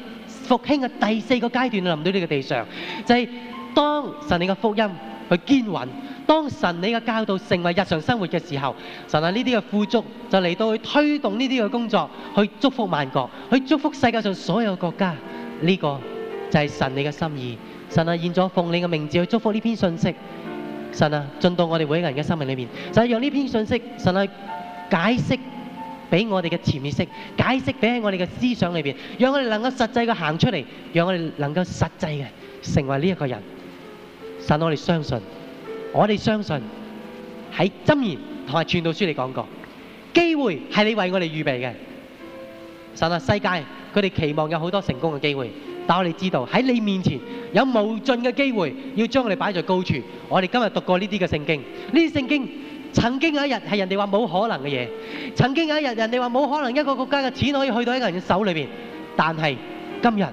復興嘅第四個階段嚟，臨到呢個地上，就係當神你嘅福音去堅穩，當神你嘅教導成為日常生活嘅時候，神啊，呢啲嘅富足就嚟到去推動呢啲嘅工作，去祝福萬國，去祝福世界上所有國家，呢個就係神你嘅心意。神啊，現咗奉你嘅名字去祝福呢篇信息。神啊，進到我哋每一個人嘅生命裏面，就係用呢篇信息，神去、啊、解釋俾我哋嘅潛意識，解釋俾喺我哋嘅思想裏邊，讓我哋能夠實際嘅行出嚟，讓我哋能夠實際嘅成為呢一個人。神、啊，我哋相信，我哋相信喺箴言同埋傳道書嚟講過，機會係你為我哋預備嘅。神啊，世界佢哋期望有好多成功嘅機會。但係我哋知道喺你面前有無盡嘅機會，要將我哋擺在高處。我哋今日讀過呢啲嘅聖經，呢啲聖經曾經有一日係人哋話冇可能嘅嘢，曾經有一日人哋話冇可能一個國家嘅錢可以去到一個人嘅手裏邊。但係今日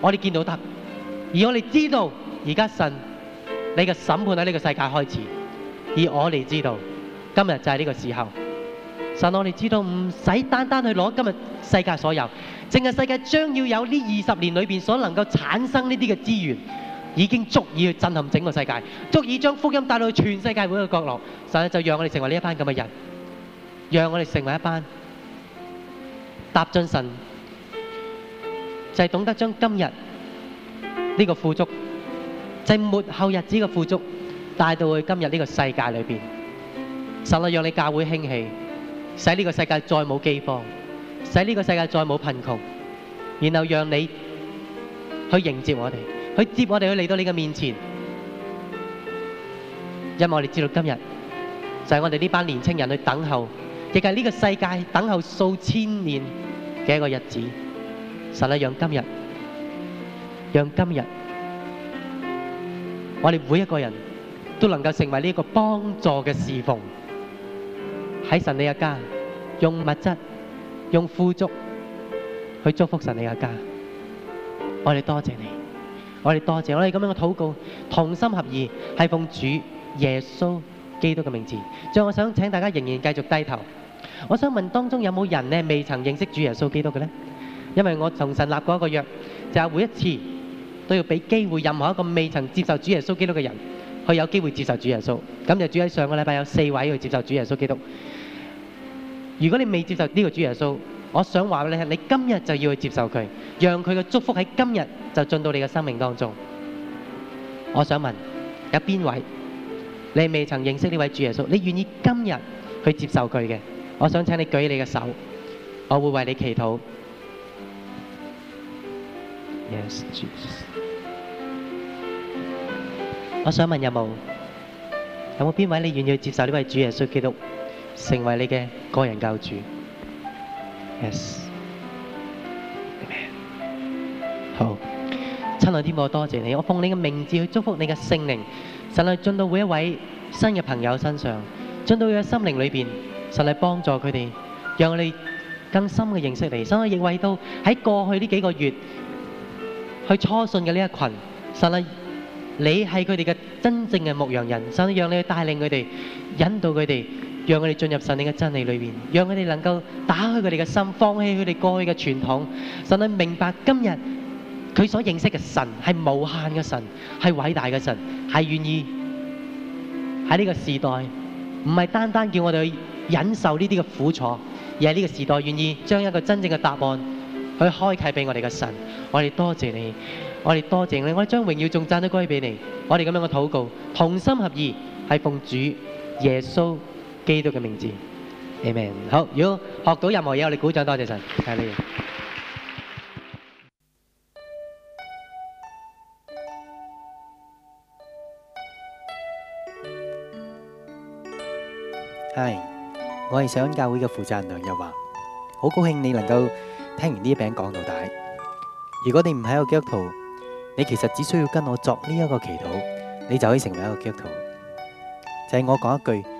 我哋見到得，而我哋知道而家神你嘅審判喺呢個世界開始，而我哋知道今日就係呢個時候，神，我哋知道唔使單單去攞今日世界所有。淨係世界將要有呢二十年裏邊所能夠產生呢啲嘅資源，已經足以震撼整個世界，足以將福音帶到全世界每一個角落。神啊，就讓我哋成為呢一班咁嘅人，讓我哋成為一班踏進神，就係懂得將今日呢個富足，就係末後日子嘅富足，帶到去今日呢個世界裏邊。神啊，讓你教會興起，使呢個世界再冇饑荒。使呢個世界再冇貧窮，然後讓你去迎接我哋，去接我哋去嚟到你嘅面前。因為我哋知道今日，就係我哋呢班年輕人去等候，亦係呢個世界等候數千年嘅一個日子。神啊，讓今日，讓今日，我哋每一個人都能夠成為呢個幫助嘅侍奉，喺神你一家用物質。用富足去祝福神你嘅家，我哋多謝你，我哋多謝我哋咁樣嘅禱告，同心合意係奉主耶穌基督嘅名字。最後我想請大家仍然繼續低頭，我想問當中有冇人呢，未曾認識主耶穌基督嘅呢？因為我從神立過一個約，就係每一次都要俾機會任何一個未曾接受主耶穌基督嘅人去有機會接受主耶穌。咁就主，喺上個禮拜有四位去接受主耶穌基督。如果你未接受呢個主耶穌，我想話畀你聽，你今日就要去接受佢，讓佢嘅祝福喺今日就進到你嘅生命當中。我想問，有邊位你未曾認識呢位主耶穌？你願意今日去接受佢嘅？我想請你舉起你嘅手，我會為你祈禱。Yes, Jesus。我想問有冇，有冇邊位你願意去接受呢位主耶穌基督？成為你嘅個人救主。Yes，好，親愛的天父，多謝你，我奉你嘅名字去祝福你嘅聖靈，神嚟進到每一位新嘅朋友身上，進到佢嘅心靈裏邊，神嚟幫助佢哋，讓我哋更深嘅認識你。神嚟，亦為到喺過去呢幾個月去初信嘅呢一群，神嚟，你係佢哋嘅真正嘅牧羊人，神嚟，讓你去帶領佢哋，引導佢哋。讓我哋進入神的真理裏面，讓我哋能夠打開他哋嘅心，放棄他哋過去嘅傳統，使佢明白今日他所認識的神是無限的神，是偉大的神，是願意在這個時代不是單單叫我哋去忍受這些嘅苦楚，而係這個時代願意將一個真正的答案去開啟俾我們的神。我哋多謝你，我哋多謝你，我哋將榮耀仲讚都歸俾你。我哋這樣的禱告，同心合意，是奉主耶穌。基督嘅名字，Amen。好，如果學到任何嘢，我哋鼓掌，多謝神。係你。係，我係上教會嘅負責人梁日華，好高興你能夠聽完呢一餅講到底。如果你唔係一個基督徒，你其實只需要跟我作呢一個祈禱，你就可以成為一個基督徒。就係我講一句。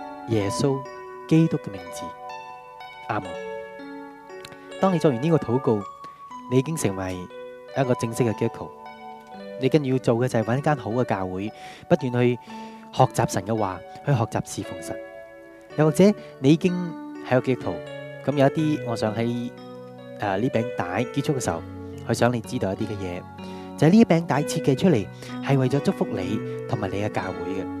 耶穌基督嘅名字，阿門。當你做完呢個禱告，你已經成為一個正式嘅基督徒。你更要做嘅就係揾一間好嘅教會，不斷去學習神嘅話，去學習侍奉神。又或者你已經喺個基督徒，咁有一啲，我想喺誒呢餅帶結束嘅時候，我想你知道一啲嘅嘢，就係呢餅帶設計出嚟係為咗祝福你同埋你嘅教會嘅。